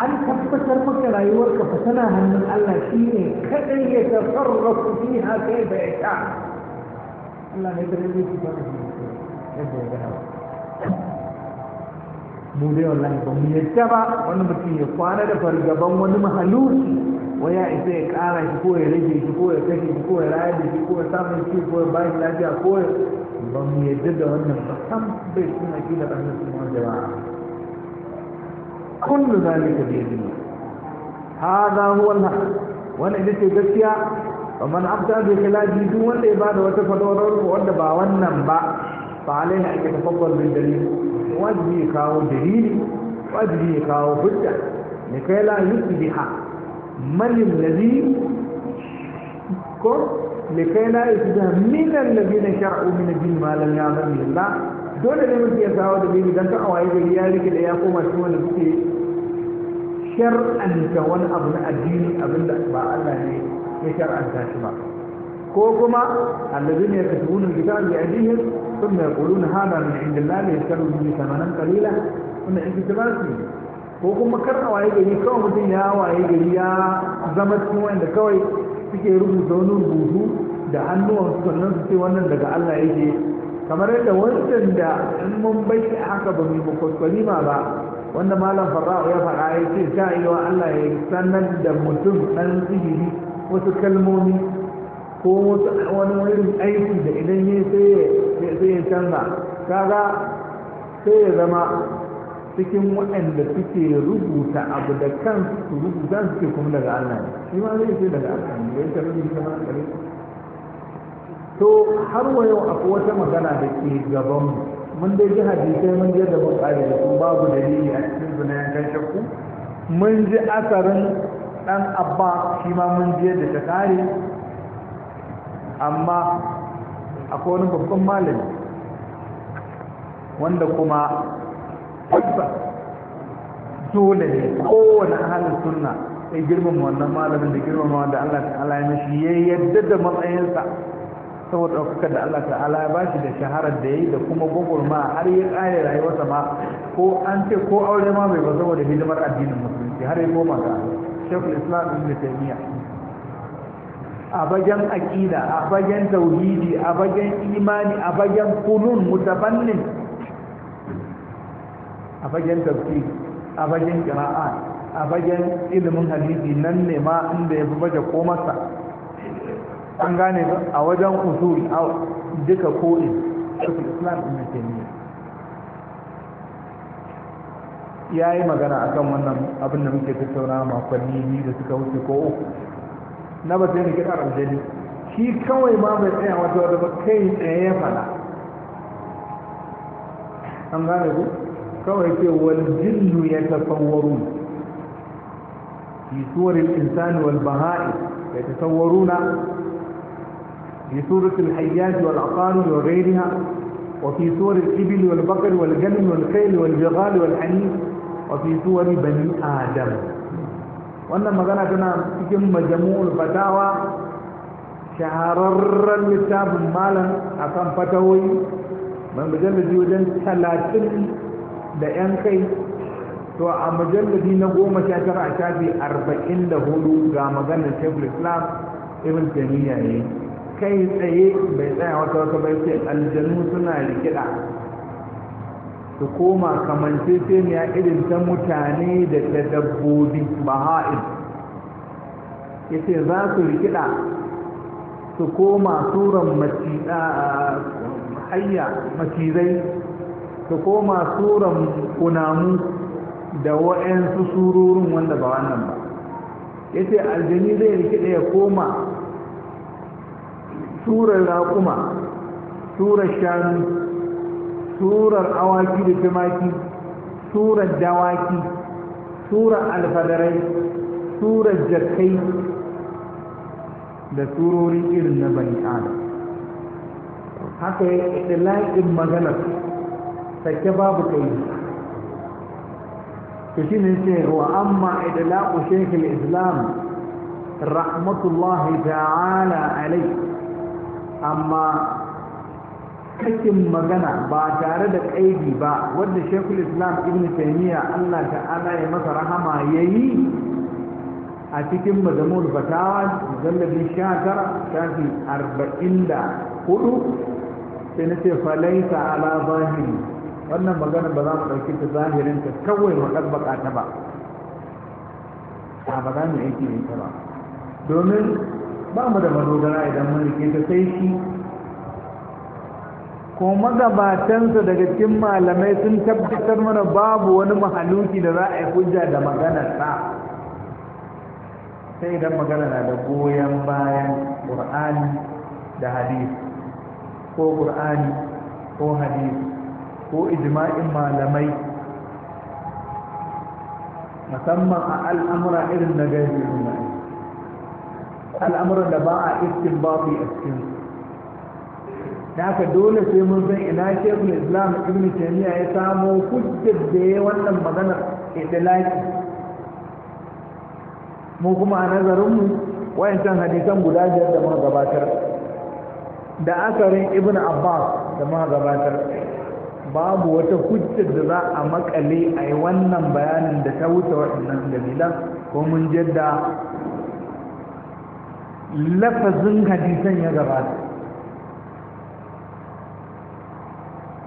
S1: an tabbatar maka rayuwar fa tana hannun Allah shi ne kaɗai ya ku fi haka ya ya ta Allah ne da rage shi ba da shi ne da ya mu dai wallahi ba mu yadda ba wani mutum ya kwana da fargaban wani mahaluki Waya ya isa ya kara shi ko ya rage shi ko ya kashe shi ko ya raya da shi ko ya samun shi ko ya bayan lafiya ko ya ba mu yadda da wannan ba san bai suna ki da ɗan nasu ma jama'a kullu zalika bi yadillah hadha huwa al wannan ita ce gaskiya ومن أبدأ بخلاجه دون العبادة وتفضل wanda ba wannan ba فعليه أن يتفضل بالدليل wajibi ya kawo dalili wajibi ya kawo hujja ne kai la yusbiha man allazi ko ne kai la yusbiha min allazina shar'u min din ma lam ya'lam billah dole ne mutum ya kawo dalili dan ta awaye gari ya rike da ya koma shi wanda suke shar'anta wani abu na addini abinda ba Allah ne ya shar'anta shi ba ko kuma allazina yaktumuna alkitaba bi aydihim ثم يقولون هذا من عند الله ليشتروا به ثمنا قليلا ko kuma kar a waye gari kawai mutum ya waye gari ya zama cikin wanda kawai suke rubuta wani rubutu da hannuwan sannan su ce wannan daga Allah yake kamar yadda wancan da in mun bai haka ba mu kwakwali ma ba wanda malam farra'u ya faɗa ya ce ta iya Allah ya sanar da mutum ɗan sihiri wasu kalmomi ko wani wurin aiki da idan yi sai ya canza kaga sai ya zama cikin waɗanda suke rubuta abu da kansu su rubuta suke kuma daga Allah ne shi ma zai ce daga Allah ne ya tarar da kuma kare to har wa yau akwai wata magana da ke gaban mu. mun dai ji hadisi mun je da mun kare da kuma babu dalili a cikin zuna kan shakku mun ji asarin dan abba shi ma mun je da ta kare amma akwai wani babban malami wanda kuma kusa dole ne kowane halin sunna ya girmama wannan malamin da girmama wanda Allah ta'ala ya mashi ya yadda da matsayinsa saboda ɗaukaka da Allah ta'ala ya bashi da shaharar da ya yi da kuma gwagwarma har ya ƙare rayuwarsa ma ko an ce ko aure ma bai ba saboda hidimar addinin musulunci har ya koma ga shekul islam ibn taymiyyah a bagen aƙida a bagen tauhidi a bagen imani a bagen kunun mutabannin a bagen tafsir a bagen kira'a a bagen ilimin hadisi nan ne ma inda ya fi baje ko masa an gane a wajen usul a duka ko'in shafi islam ɗin na taimiyya ya yi magana akan wannan abin da muke tattauna makonni ni da suka wuce ko uku na ba sai kiɗar aljani shi kawai ma bai tsaya wata wata ba kai tsaye ya fada an gane ku kawai ce wal jinnu ya tasawwaru fi suwarin insani wal baha'i ya tasawwaruna في سورة الحيات والعقارب وغيرها وفي سور الإبل والبقر والجن والخيل والبغال والحنين وفي سور بني آدم wannan magana tana cikin majamu'ul fatawa shahararren littafin malam akan fatawoyi Mai mujalladi wajen talatin da yan kai to a mujalladi na goma sha tara a shafi arba'in da hudu ga maganar shekul islam ibn taniya ne kai tsaye bai tsaya wata wata bai ce aljanu suna rikida su koma kamanceceniya irin ta mutane da ta dabbobi baha'in ya ce za su rikida su koma suran macizai su koma suran kunamu da wa'yansu sururin wanda ba wannan ba ya ce aljani zai rikida ya koma surar raƙuma surar shanu surar awaki da tumaki surar dawaki surar alfadarai surar jakai da surori irin na bani adam haka ya ɗin maganar sake babu kai to shi ne ce wa amma idlaqu shaykh al-islam rahmatullahi ta'ala alayhi amma Kakin magana ba tare da kaidi ba wadda shekul islam ibn taymiya allah ta'ala ya masa rahama yi a cikin mazamul fatawa zallabi shatar shafi arba'in da hudu sai na ce falaita ala zahiri wannan magana ba za mu ɗauki ta zahirin ta kawai mu ɗabbaka ta ba ba za mu aiki da ba domin ba mu da madogara idan mun rike ta sai shi ko magabatansa daga cikin malamai sun tabbatar mana babu wani mahaluki da za a yi hujja da maganar sa sai idan magana na da goyon bayan ƙur'ani da hadisi ko ƙur'ani ko hadisi ko ijma'in malamai musamman a al'amura irin na gaibe al'amuran da ba a iskin babu a cikinsu da aka dole sai mun san ina shekul islam ibn taymiya ya samo hujjar da ya wannan maganar itilaki mu kuma a nazarinmu wayancan hadisan guda biyar da muka gabatar da asarin ibn abbas da muka gabatar babu wata hujjar da za a makale a yi wannan bayanin da ta wuce waɗannan dalilan ko mun jadda lafazin hadisan ya gabata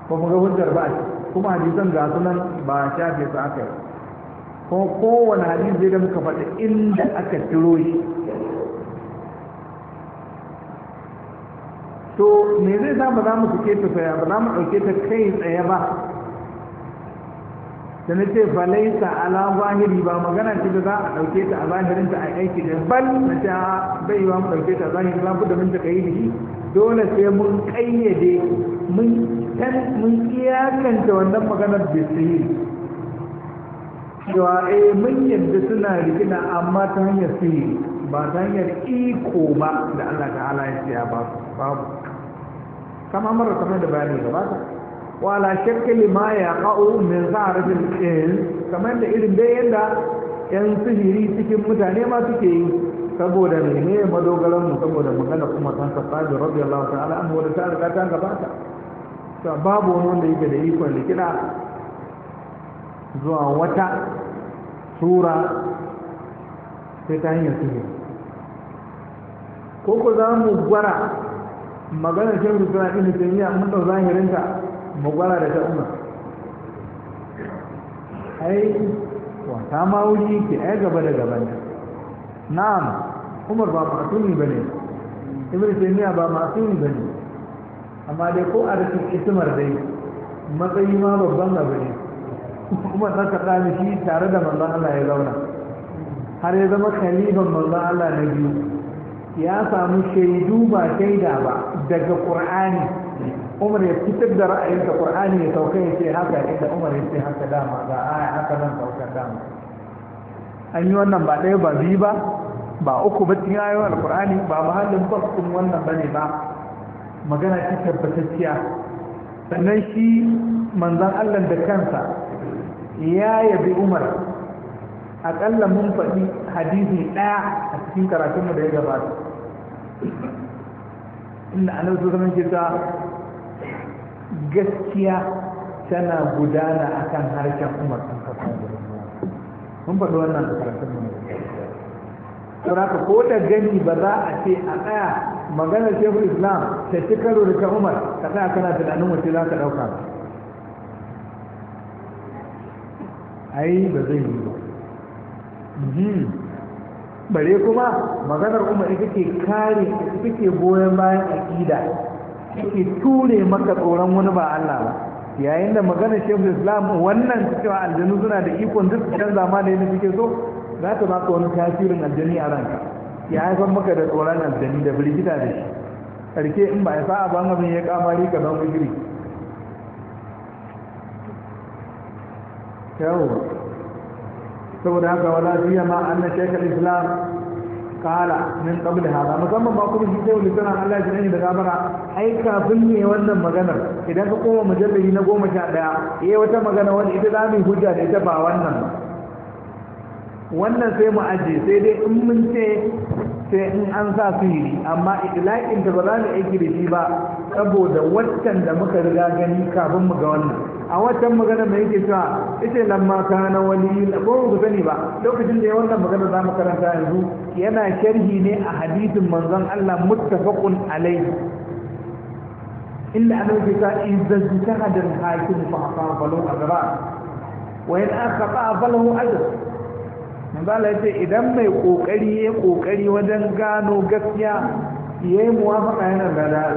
S1: ko mu ga hujjar ba kuma hadisan ga sunan ba shafe su aka yi ko kowane hadisi da muka faɗi inda aka ciro shi to me zai sa ba za mu suke ta ba za mu ɗauke ta kai tsaye ba da na ce falaisa ala zahiri ba magana ce da za a ɗauke ta a zahirin ta a aiki da bal na ce bai yi mu ɗauke ta zahiri za da mun taka yi dole sai mun ƙayyade mun iyakanta wannan maganar da su yi cewa eh mun yadda suna rigina amma ta hanyar sihiri ba ta hanyar iko ba da Allah ta'ala ya siya ba babu kama mara kamar da bayani gabata wala shirki lima ya kau min za'arfin ɗin kamar da irin dai yadda yan sihiri cikin mutane ma suke yi saboda ne madogaran mu saboda magana kuma kan sabbi da rabbi Allah ta'ala an wanda ta riga ta gabata to babu wani wanda yake da ikon likida zuwa wata sura sai ta hanyar sihiri ko ku za mu gwara magana shan suna ɗin da mun ɗau zahirinta magwara da ta umar ai wata ma wuri ke ai gaba da gaban nan na'am umar ba ma ba ne ibn taymiya ba ma ba ne amma dai ko a rikin ismar dai matsayi ma babban abu ne umar ta ka ni shi tare da manzon Allah ya zauna har ya zama khalifan manzon Allah na biyu ya samu shaidu ba shaida ba daga qur'ani umar ya fitar da ra'ayinsa qur'ani ya sauka ya ce haka inda umar ya ce haka dama ga aya haka nan sauka dama an yi wannan ba ɗaya ba biyu ba ba uku ba cikin ayoyin alqur'ani ba mahallin bakkun wannan bane ba magana ce tabbatacciya sannan shi manzon Allah da kansa ya yabi umar aƙalla mun faɗi hadisi ɗaya a cikin karatunmu da ya gabata inda annabi sallallahu alaihi wasallam gaskiya tana gudana a kan harshen umar ɗan kasa mun faɗi wannan da karatun mu don haka ko da gani ba za a ce a tsaya maganar shehu islam ta ci karo da ta umar ka tsaya kana tunanin wace za ka ɗauka ba? ai ba zai yi ba mhm. bare kuma maganar umar ita ke kare ita ke goyon bayan aƙida yake ture maka tsoron wani ba Allah ba yayin da magana shehu islam wannan cewa aljanu suna da ikon duk can zama da yadda suke so za ta baka wani tasirin aljani a ranka ya haifar maka da tsoron aljani da birgita da shi karke in ba ya sa'a ba abin ya kamari ka don wigiri yawo saboda haka wala fiya ma na shekar islam kala min qabli hada musamman ba kuma shi sai lisan Allah ya ne da gabara ai kafin ne wannan maganar idan ka koma mujallari na goma sha ɗaya eh wata magana wanda ita za mu hujja da ita ba wannan ba wannan sai mu aje sai dai in mun ce sai in an sa sihiri amma itlaqin da ba za mu aiki da shi ba saboda waccan da muka riga gani kafin mu ga wannan a watan magana mai yake cewa ita lamma ta na ko ba ku sani ba lokacin da ya wannan magana za mu karanta yanzu yana sharhi ne a hadithin manzon Allah muttafaqun alai inda annabi ya ta idza zikada al-hakim fa aqam falu azra wa in akhata falu azra manzon Allah yace idan mai kokari ya kokari wajen gano gaskiya ya yi muwafaka yana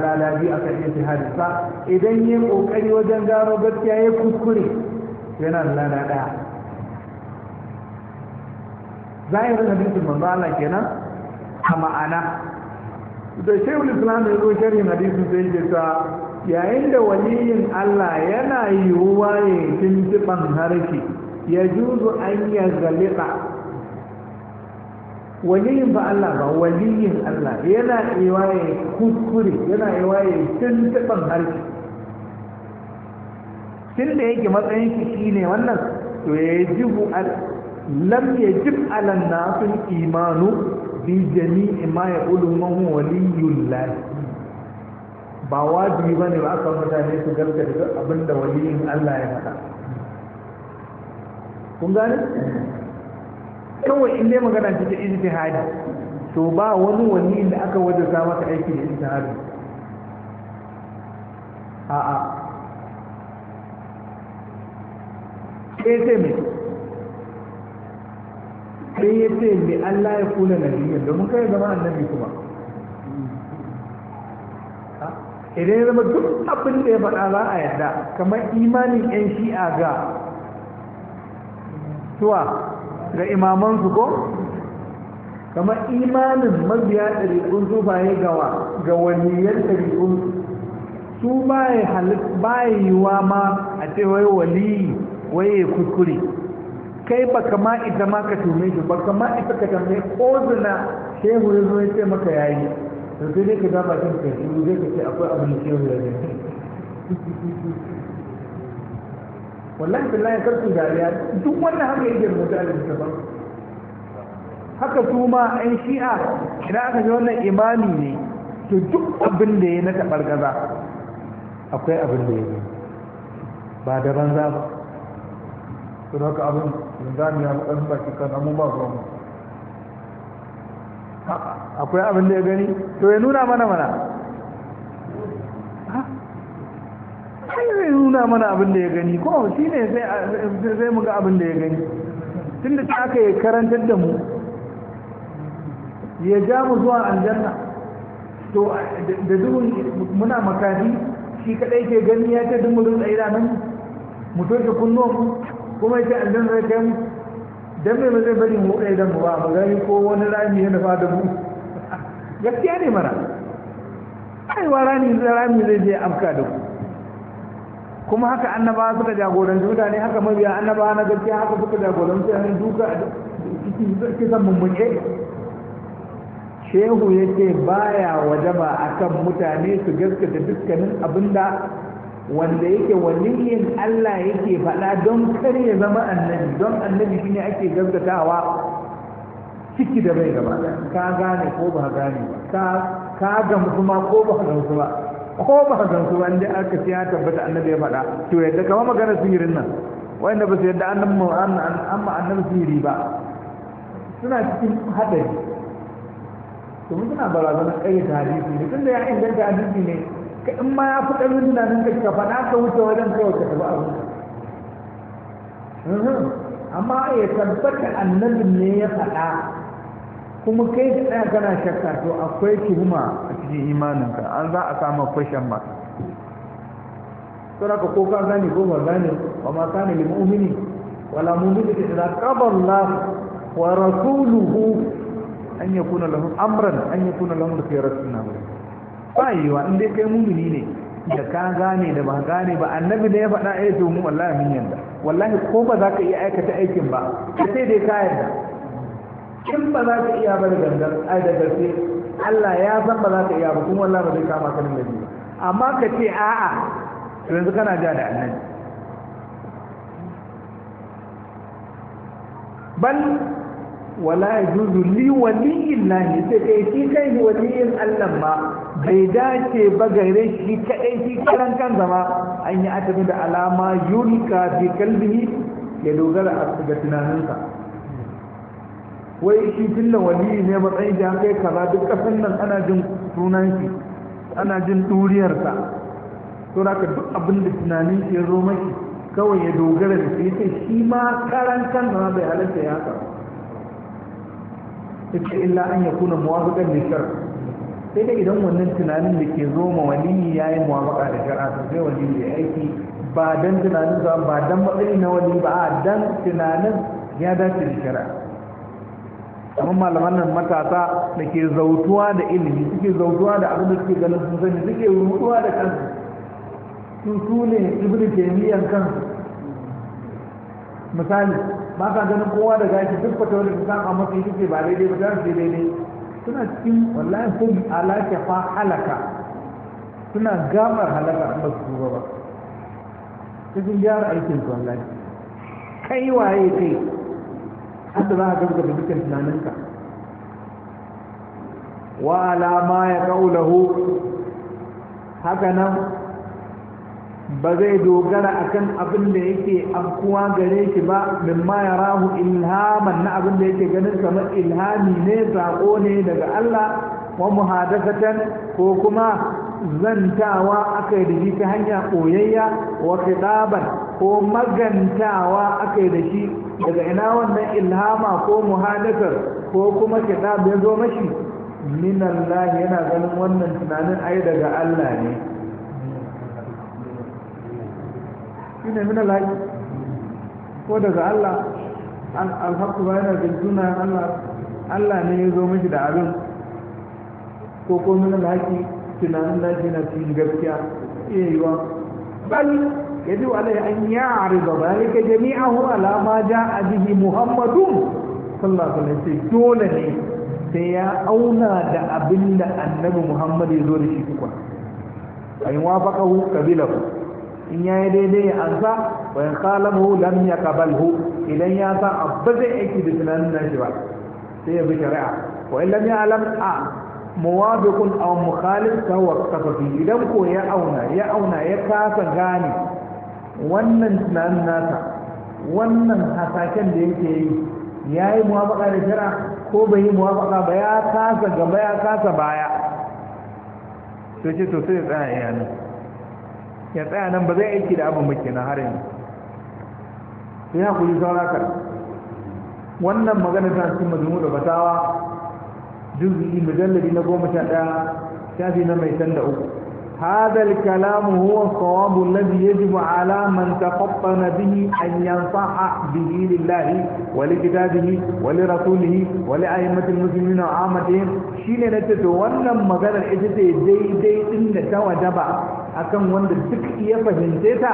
S1: lalabi a kan ijtihadinsa idan ya kokari wajen gano gaskiya ya kuskure yana lana daya zahirin hadisin manzo Allah kenan a ma'ana da shehul islam ya zo sharhin hadisin sai ya ta yayin da waliyin Allah yana yiwuwa ya tuntuɓan harshe ya juzu an ya zalika waliyin ba Allah ba waliyin Allah yana iwa ya kuskure yana iwa ya tuntuɓin harshe tun da yake matsayin shi shine wannan to ya jibu al lam yajib ala nasul imanu bi jami'i ma yaqulu man huwa lahi ba wajibi bane ba aka mutane su gaskata duk abinda waliyin Allah ya faɗa kun gane kawai in dai magana ce ta ijtihadi to ba wani wani da aka wajaba masa aiki da ijtihadi a'a sai ce mai sai ya ce mai Allah ya kula na niyyar domin kai zama annabi kuma idan ya zama duk abin da ya faɗa za a yarda kamar imanin 'yan shi'a ga tuwa ga imamansu ko kamar imanin mabiya ba zubaye gawa ga waliyan ɗariƙun su baya yiwa ma a ce wai waliyi waye kuskure kai ba kama ita ma ka tume shi ba kama ita ka tambaye ko zina shehu ya zo ce maka yayi to sai dai ka zaba jin kai shi zai ka ce akwai abin shehu ya ne wallahi billahi kar ku dariya duk wannan haka yake rubuta da ba haka su ma ɗan shi'a idan aka ji wannan imami ne to duk abin da ya na taɓar gaza akwai abin da ya yi ba da banza ba su da haka abin da zami ya maɗan baki kan amma ba zuwa mu akwai abin da ya gani to ya nuna mana mana ai nuna mana abin da ya gani ko shi ne zai muga abin da ya gani tun da aka yi karantar da mu ya ja mu zuwa aljanna to da duhun muna makafi shi kadai ke gani ya ce duk mu rinsa nan mu toshe mu kuma ya ce aljanna zai kai mu dan me ba zai bari mu ɗaya dan mu ba mu gani ko wani rami ya nufa da mu gaskiya ne mana aiwa rami rami zai je afka da ku kuma haka annaba suka jagoranci mutane haka mabiya annaba na gaskiya haka suka jagoranci mutane duka kisan mummuke shehu ya ce baya wajaba akan mutane su gaskata dukkanin abinda wanda yake waliyin Allah yake faɗa don kar ya zama annabi don annabi ne ake gaskatawa ciki da bai gaba ka gane ko ba gane ba ka gamsu ma ko ba gamsu ba ko ba san su wanda aka ce ya tabbata annabi ya faɗa to yadda kama magana sihirin nan wanda ba su yadda annabi mu amma annabi sihiri ba suna cikin haɗari to mun suna barazanar kai tarihi ne tunda ya inganta hadisi ne in ma ya fi ƙarfin tunanin ka ka faɗa ka wuce wajen kawai ka tafi abin mhm. amma ya tabbata annabi ne ya faɗa kuma kai ka tsaya kana shakka to akwai tuhuma a cikin imaninka an za a samu fashin ma saboda ko ka gane ko ba gane ba ma kana lil mu'mini wala mu'minati da ila Allah wa rasuluhu an yakuna lahum amran an yakuna lahum khiyaratu min amrihim bayiwa in dai kai mu'mini ne da ka gane da ba gane ba annabi da ya faɗa ya eh ce mu wallahi mun yanda wallahi ko ba za ka iya aikata aikin ba ka sai dai ka yarda kin ba za ka iya bar gangan ai da gaske Allah ya san ba za ka iya ba kuma wallahi ba zai kama ka nan ba amma ka ce a'a to yanzu kana ja da annabi bal wala yajuzu li waliyillahi sai kai shi kai in Allah ma bai dace ba gare shi kaɗai shi karan kan zama an yi atabi da alama yulka fi kalbihi ya dogara a ga tunaninsa wai shi fillan Waliyu ne matsayin shi an kai kaza duk kasan nan ana jin sunan shi ana jin duriyarsa to da duk abin da tunanin shi ya zo maki kawai ya dogara da shi yace shi ma karan da bai halatta ya haka yace illa an ya kuna muwafiqan li shar sai dai idan wannan tunanin da ke zo ma waliyi yayi muwafaqa da shar'a to sai waliyu ya aiki ba dan tunanin ba dan matsayi na wani ba dan tunanin ya dace da shar'a kamar malaman nan matasa da ke zautuwa da ilimi suke zautuwa da abin da suke ganin sun sani suke rutuwa da kansu su su ne ibn taymiyyah kansu misali ba ka ganin kowa da gashi duk fata wani kusan a mafi suke ba daidai ba za su daidai suna cikin wallahi sun ala fa halaka suna gamar halaka in ba su ba cikin gyara aikin su wallahi kai waye kai hadda za da dukkan tunaninka wa alama ma ya kaulahu haka nan ba zai dogara akan abin da yake afkuwa gare shi ba min ma ya rahu ilhaman na abin da yake ganin kamar ilhami ne sako ne daga Allah wa muhadasatan ko kuma zantawa aka yi da shi ta hanya koyayya wa kitaban ko magantawa aka yi da shi daga ina wannan ilhama ko muhadakar ko kuma kitab ya zo mashi min Allah yana ganin wannan tunanin ai daga Allah ne shine min Allah ko daga Allah alhaku ba yana jin sunan Allah Allah ne ya zo mashi da abin ko ko min Allah tunanin nashi na cikin gaskiya iya yiwa bal yajibu alaihi an ya'rida dhalika jami'ahu ala ja a bihi Muhammadu. sallallahu alaihi dole ne sai ya auna da abin da annabi Muhammadu ya zo da shi kuka a yi kabila ku. in ya yi daidai ya ansa wa in khalafahu lam yaqbalhu idan ya sa abba zai aiki da tunanin nashi ba sai ya bi shari'a wa in lam a muwafiqun aw mukhalif fa huwa kafafi idan ko ya auna ya auna ya kasa gane wannan tunanin nasa wannan hasaken da yake yi ya yi muwafaƙa da shara ko bai yi muwafaƙa ba ya kasa gaba ya kasa baya sai ce to sai ya tsaya iya nan ya tsaya nan ba zai aiki da abin muke na harin yanzu sai hakuri saura kar wannan magana ta cikin majmu da batawa juz'i mujalladi na goma sha ɗaya shafi na mai sanda uku هذا الكلام هو الصواب الذي يجب على من تفطن به أن ينصح به لله ولكتابه ولرسوله ولأئمة المسلمين وعامتهم شيل نتتولى مغانا الحجة دي دي إن توجب أكم وند تك يفهم تيتا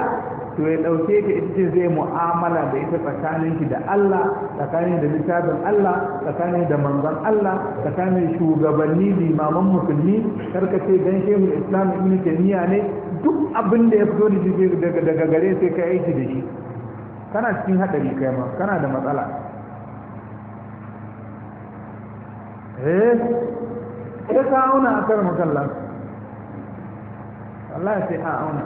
S1: to ya ɗauke ka ita ce zai mu'amala da ita tsakanin ki da Allah tsakanin da littafin Allah tsakanin da manzon Allah tsakanin shugabanni limaman musulmi karka ce dan mu islam ibn taymiya ne duk abin da ya fito daga daga gare sai ka aiki da shi kana cikin hadari kai ma kana da matsala eh ka auna a kan makalla Allah sai a auna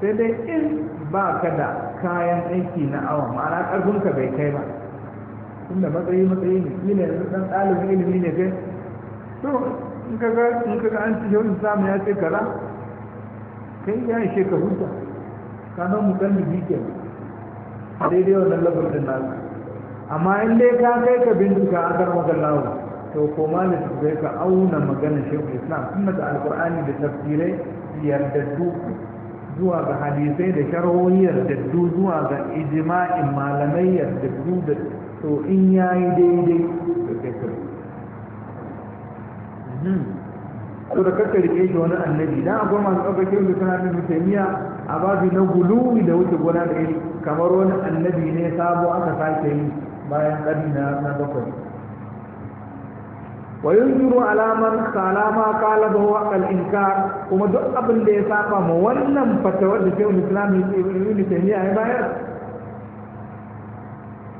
S1: sai dai in ba ka da kayan aiki na awa, ma'ana ƙarfinka bai kai ba tunda matsayi matsayi ne shi ne ɗan ɗalibin ilimi ne kai to in ka ga in ka ga an ci yau samu ya ce kaza kai ya ishe ka huta ka nan mu kan bibi ke a daidai wannan labarin nasu amma in dai ka kai ka bincika an karɓa kallawa to ko ma da su ka auna maganar shekul islam sunna da alƙur'ani da tafsirai yardaddu zuwa ga hadisai da sharhohi yardaddu zuwa ga ijma'in malamai yardaddu da to in yayi daidai to sai to hmm. da kakka rike shi wani annabi dan akwai masu ɗaukakin da suna nufin mutaniya a babu na guluwi da wuce gona da iri kamar wani annabi ne sabo aka sake yi bayan ƙarni na bakwai wa yunziru alaman kalama kala ba wa kuma duk abinda ya saba ma wannan fatawar da shehu islam ibn taymiya ya bayar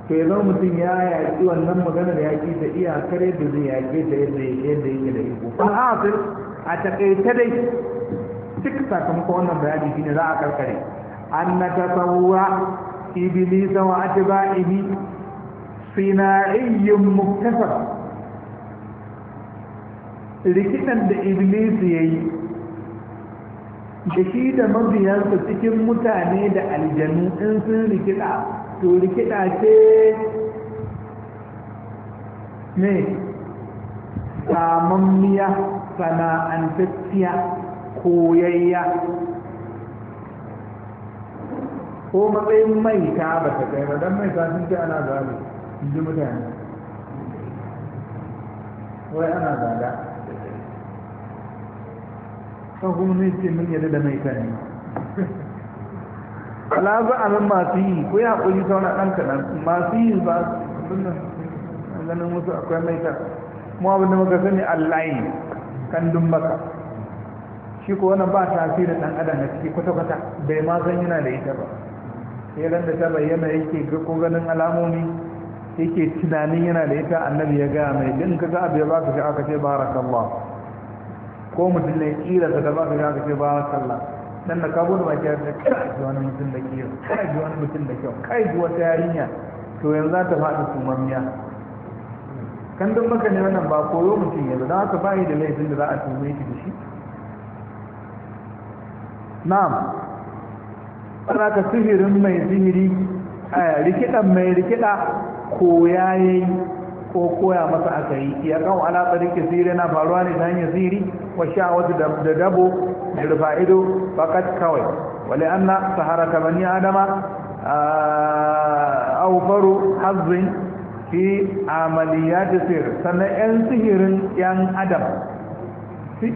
S1: to ya mutum ya yaƙi wannan maganar yaƙi da iyakar yadda zai da yadda yadda yake da iko fa asir a taƙaice dai duk sakamakon wannan bayani shine za a karkare an na tasawwa iblisa wa atba'ihi sina'iyyun muktasab rikidan da iblis ya yi da shi da mabiyansa cikin mutane da aljanu in sun rikida to rikida ce ne samammiya sana'antacciya koyayya ko matsayin ta ba ta kai don mai sun ce ana gane, in ji mutane wai ana gada kan kuma zai ce mun yadda da mai kani ala za a nan masu yi ko ya haƙuri ta wani ɗan kaɗan masu yi ba a ganin wasu akwai mai ta mu abinda muka sani allahi kan dumbaka shi ko wani ba da ɗan adam a ciki kwata-kwata bai ma san yana da ita ba sai ran da ta bayyana yake ko ganin alamomi yake tunanin yana da ita annabi ya gaya mai din ka ga abu ya ka shi aka ce barakallah ko mutum ne kila ta gaba ga ka ce ba sallah dan da ka bude ke da kai ji wani mutum da kiyo kai ji wani mutum da kyau kai ji wata yarinya to yanzu za ta faɗi tumammiya kan duk maka ne wannan ba koyo mutum yanzu don haka ba yi da laifin da za a tume shi da shi na'am ka sihirin mai sihiri a eh, rikidan mai rikida ko yayin ko koya masa aka yi ya kan ala ke sirri na faruwa ne ta hanyar siri wa wasu da dabo da rufa ido fakat kawai wale anna sahara kamani adama aufaru hazin fi amaliyati sir sannan yan sihirin yan adam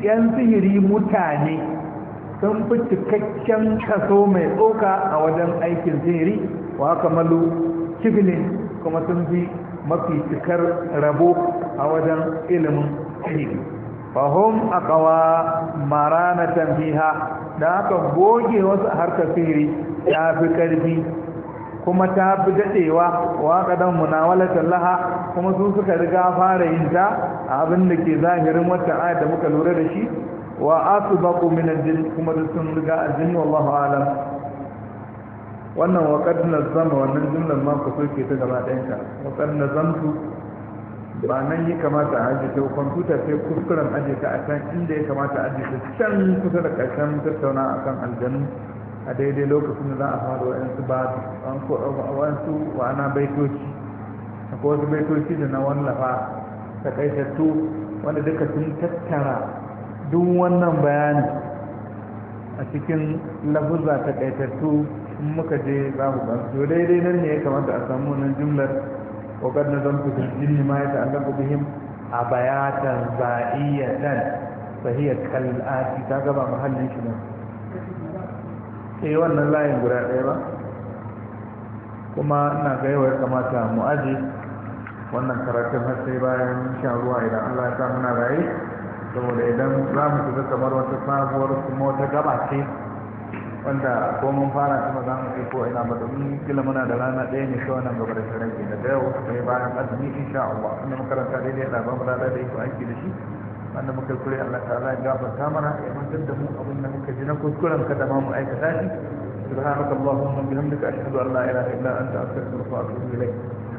S1: yan sihiri mutane sun fi cikakken kaso mai tsoka a wajen aikin sihiri wa kamalu kifilin kuma sun fi mafi cikar rabo a wajen ilimin ilimi fahim akawa marana tambiha da aka goge wasu harka sihiri ya fi karfi kuma ta fi daɗewa waƙadan munawalatan laha kuma su suka riga fara yin ta abin da ke zahirin wata ayat da muka lura da shi wa asu baƙo minan jini kuma da sun riga jini wallahu alam wannan waƙar na zama wannan jumlar ma ku ke ta gaba ɗayanka waƙar na zamtu ba nan yi kamata a ajiye ta kwamfuta sai kuskuren ajiye ta a can inda ya kamata a ajiye ta can kusa da ƙarshen tattauna a kan aljanu a daidai lokacin da za a fara wa'yansu ba wa'yansu wa'ana baitoci akwai wasu baitoci da na wallafa ta takaitattu wanda duka sun tattara duk wannan bayani a cikin lafuzza ƙaitattu. in muka je za mu ba to daidai nan ne ya kamata a samu wannan jumlar wakar na zan fitar jinni ma ya bihim a bayatan ba'iyatan sahiyar kal'ati ta gaba muhallin shi nan eh wannan layin guda ɗaya ba kuma ina ga yawa ya kamata mu aje wannan karatun har sai bayan shan ruwa idan Allah ya sa muna raye saboda idan za mu shiga kamar wata sabuwar kuma wata gaba ce wanda ko mun fara kuma za mu kai ko ina ba domin kila muna da rana ɗaya ne shi wannan gaba da ta rage da yau akwai bayan azumi insha Allah wanda makaranta karanta da ba mu da daidai ko aiki da shi wanda muka kure Allah ta'ala ya gafarta mana ya mantar da mu abin da muka ji na kuskuren kada ma mu aikata shi subhanakallahumma bihamdika ashhadu an la ilaha illa anta astaghfiruka wa atubu ilayk